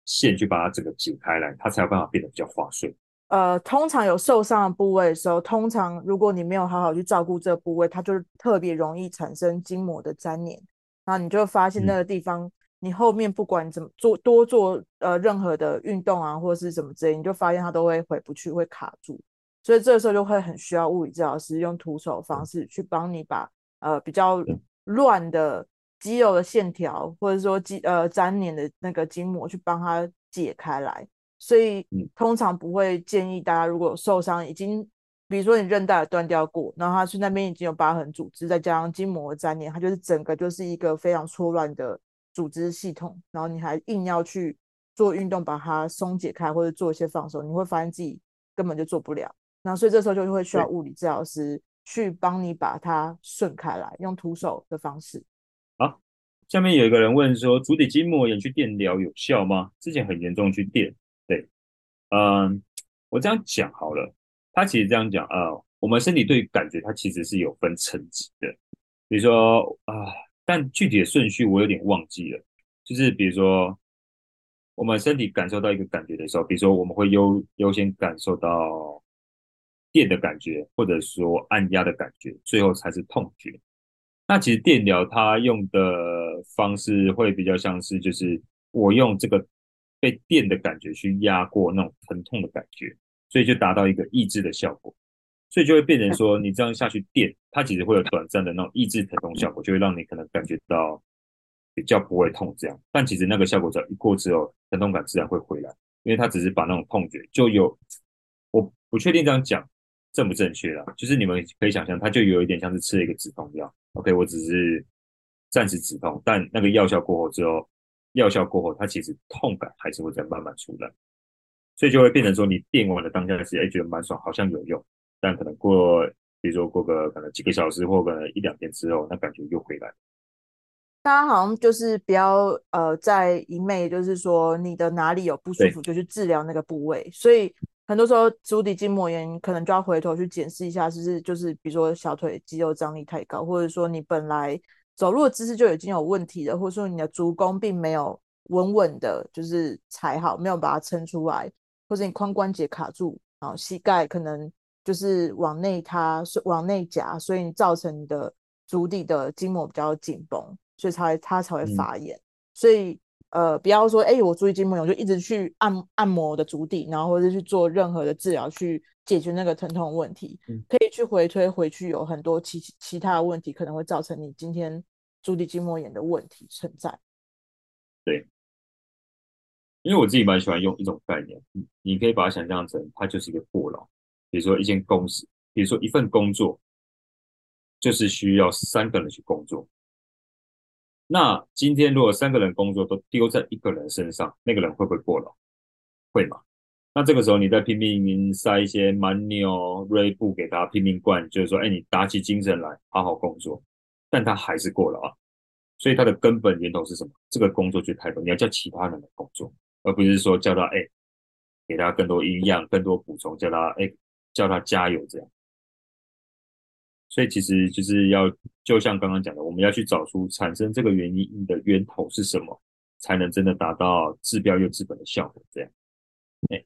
線去把它整個解開來、嗯，它才有辦法變得比較滑順。呃，通常有受傷的部位的時候，通常如果你沒有好好去照顧這個部位，它就特別容易產生筋膜的粘連，然後你就發現那個地方、嗯。你後面不管怎麼做，多做呃任何的運動啊，或者是什麼之類，你就發現它都會回不去，會卡住。所以這個時候就會很需要物理治療師用徒手方式去幫你把呃比較亂的肌肉的線條，或者說肌呃粘連的那個筋膜去幫它解開來。所以通常不會建議大家，如果受傷已經，比如說你韌帶斷掉過，然後它去那邊已經有疤痕組織，再加上筋膜粘連，它就是整個就是一個非常錯亂的組織系統，然後你還硬要去做運動，把它鬆解開，或者做一些放鬆，你會發現自己根本就做不了。然後所以這時候就會需要物理治療師去幫你把它順開來，用徒手的方式。好、啊，下面有一個人問說：足底筋膜炎去電療有效嗎？之前很嚴重去電，對，嗯，我這樣講好了。他其實這樣講啊、呃，我們身體對感覺它其實是有分層級的，比如說啊。但具體的順序我有點忘記了，就是比如說，我們身體感受到一個感覺的時候，比如說我們會優優先感受到電的感覺，或者說按壓的感覺，最後才是痛覺。那其實電療它用的方式會比較像是，就是我用這個被電的感覺去壓過那種疼痛的感覺，所以就達到一個抑制的效果，所以就會變成說，你這樣下去電，它其實會有短暫的那種抑制疼痛效果，就會讓你可能感覺到比較不會痛這樣。但其實那個效果只要一過之後，疼痛感自然會回來，因為它只是把那種痛覺就有，我不確定這樣講正不正確啦。就是你們可以想象，它就有一點像是吃了一個止痛藥。OK，我只是暫時止痛，但那個藥效過後之後，藥效過後它其實痛感還是會再慢慢出來。所以就會變成說，你電完了當下其實哎覺得蠻爽，好像有用。但可能過，比如說過個可能幾個小時或可能一兩天之後，那感覺又回來了。大家好像就是比較呃，在一昧就是說你的哪裡有不舒服就去治療那個部位，所以很多時候足底筋膜炎可能就要回頭去檢視一下，是不是就是比如說小腿肌肉張力太高，或者說你本來走路的姿勢就已經有問題了，或者說你的足弓並沒有穩穩的，就是踩好，沒有把它撐出來，或者你髖關節卡住，然後膝蓋可能。就是往內它往內夾，所以造成你的足底的筋膜比較緊繃，所以才它才會發炎。嗯、所以呃，不要說哎、欸，我足底筋膜炎，我就一直去按按摩我的足底，然後或者去做任何的治療去解決那個疼痛問題。嗯，可以去回推回去，有很多其其他的問題可能會造成你今天足底筋膜炎的問題存在。對，因為我自己蠻喜歡用一種概念，你可以把它想象成它就是一個過勞。比如說一間公司，比如說一份工作，就是需要三個人去工作。那今天如果三個人工作都丟在一個人身上，那個人會不會過勞？會嗎？那這個時候你再拼命塞一些蠻牛、Red Bull 給他，拼命灌，就是說，哎，你打起精神來，好好工作。但他還是過勞啊。所以他的根本源頭是什麼？這個工作就太多，你要叫其他人來工作，而不是說叫他，哎，給他更多營養、更多補充，叫他，哎。叫他加油這樣，所以其實就是要就像剛剛講的，我們要去找出產生這個原因的源頭是什麼，才能真的達到治標又治本的效果。這樣，哎，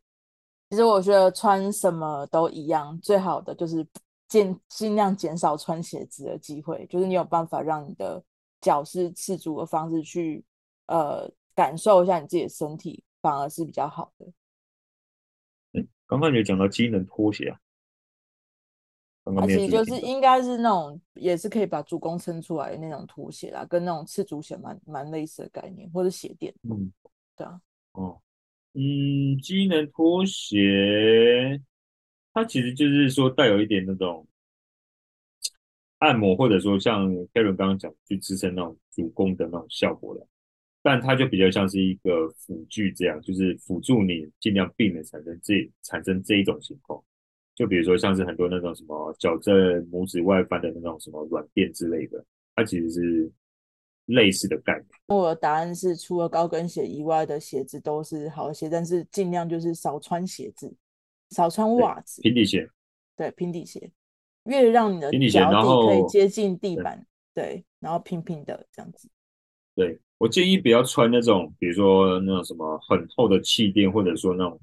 其實我覺得穿什麼都一樣，最好的就是盡盡量減少穿鞋子的機會，就是你有辦法讓你的腳是赤足的方式去，呃，感受一下你自己的身體，反而是比較好的。剛剛有講到機能拖鞋啊，而且就是應該是那種也是可以把足弓撐出來的那種拖鞋啦，跟那種赤足鞋蠻蠻類似的概念，或者鞋墊。嗯，對啊。哦，嗯，機能拖鞋，它其實就是說帶有一點那種按摩，或者說像 Karen 剛剛講去支撐那種足弓的那種效果的。但它就比較像是一個輔具這樣，就是輔助你儘量避免產生這產生這一種情況。就比如說像是很多那種什麼矯正拇指外翻的那種什麼軟墊之類的，它其實是類似的概念。我的答案是，除了高跟鞋以外的鞋子都是好鞋，但是儘量就是少穿鞋子，少穿襪子，平底鞋。對，平底鞋越讓你的腳底可以接近地板，地對，對，然後平平的這樣子，對。我建議不要穿那種，比如說那種什麼很厚的氣墊，或者說那種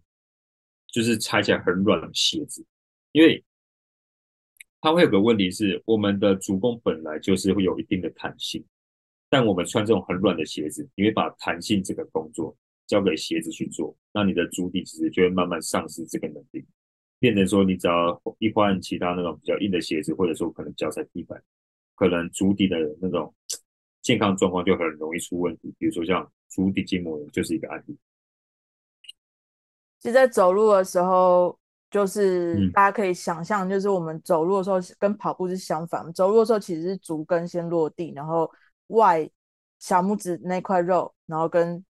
就是踩起來很軟的鞋子，因為它會有個問題是，我們的足弓本來就是會有一定的彈性，但我們穿這種很軟的鞋子，你會把彈性這個工作交給鞋子去做，那你的足底其實就會慢慢喪失這個能力，變成說你只要一換其他那種比較硬的鞋子，或者說可能腳踩地板，可能足底的那種。健康狀況就很容易出問題，比如說像足底筋膜炎就是一個案例。其實，在走路的時候，就是大家可以想象，就是我們走路的時候跟跑步是相反。嗯、走路的時候其實是足跟先落地，然後外小拇指那塊肉，然後跟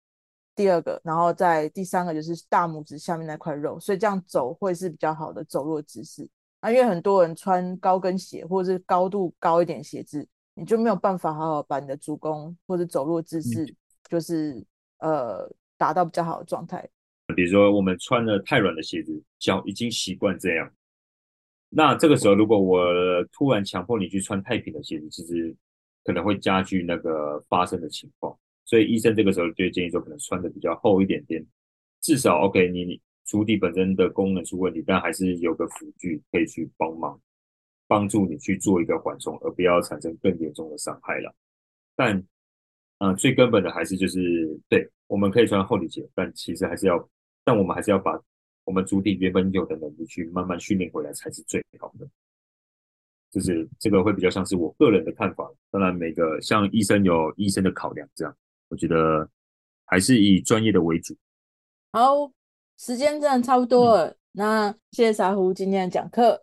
第二個，然後在第三個就是大拇指下面那塊肉。所以這樣走會是比較好的走路的姿勢。那、啊、因為很多人穿高跟鞋或者是高度高一點鞋子。你就沒有辦法好好把你的足弓或者走路姿勢，就是、嗯、呃，達到比較好的狀態。比如說我們穿了太軟的鞋子，腳已經習慣這樣。那這個時候，如果我突然強迫你去穿太平的鞋子，其實可能會加劇那個發生的情況。所以醫生這個時候就建議說，可能穿得比較厚一點點，至少 OK。你足底本身的功能出問題，但還是有個輔具可以去幫忙。幫助你去做一個緩衝，而不要產生更嚴重的傷害了。但，嗯、呃，最根本的還是就是，對，我們可以穿厚底鞋，但其實還是要，但我們還是要把我們足底原本有的能力去慢慢訓練回來才是最好的。就是這個會比較像是我個人的看法，當然每個像醫生有醫生的考量，這樣我覺得還是以專業的為主。好，時間真的差不多了，嗯、那謝謝沙胡今天的講課。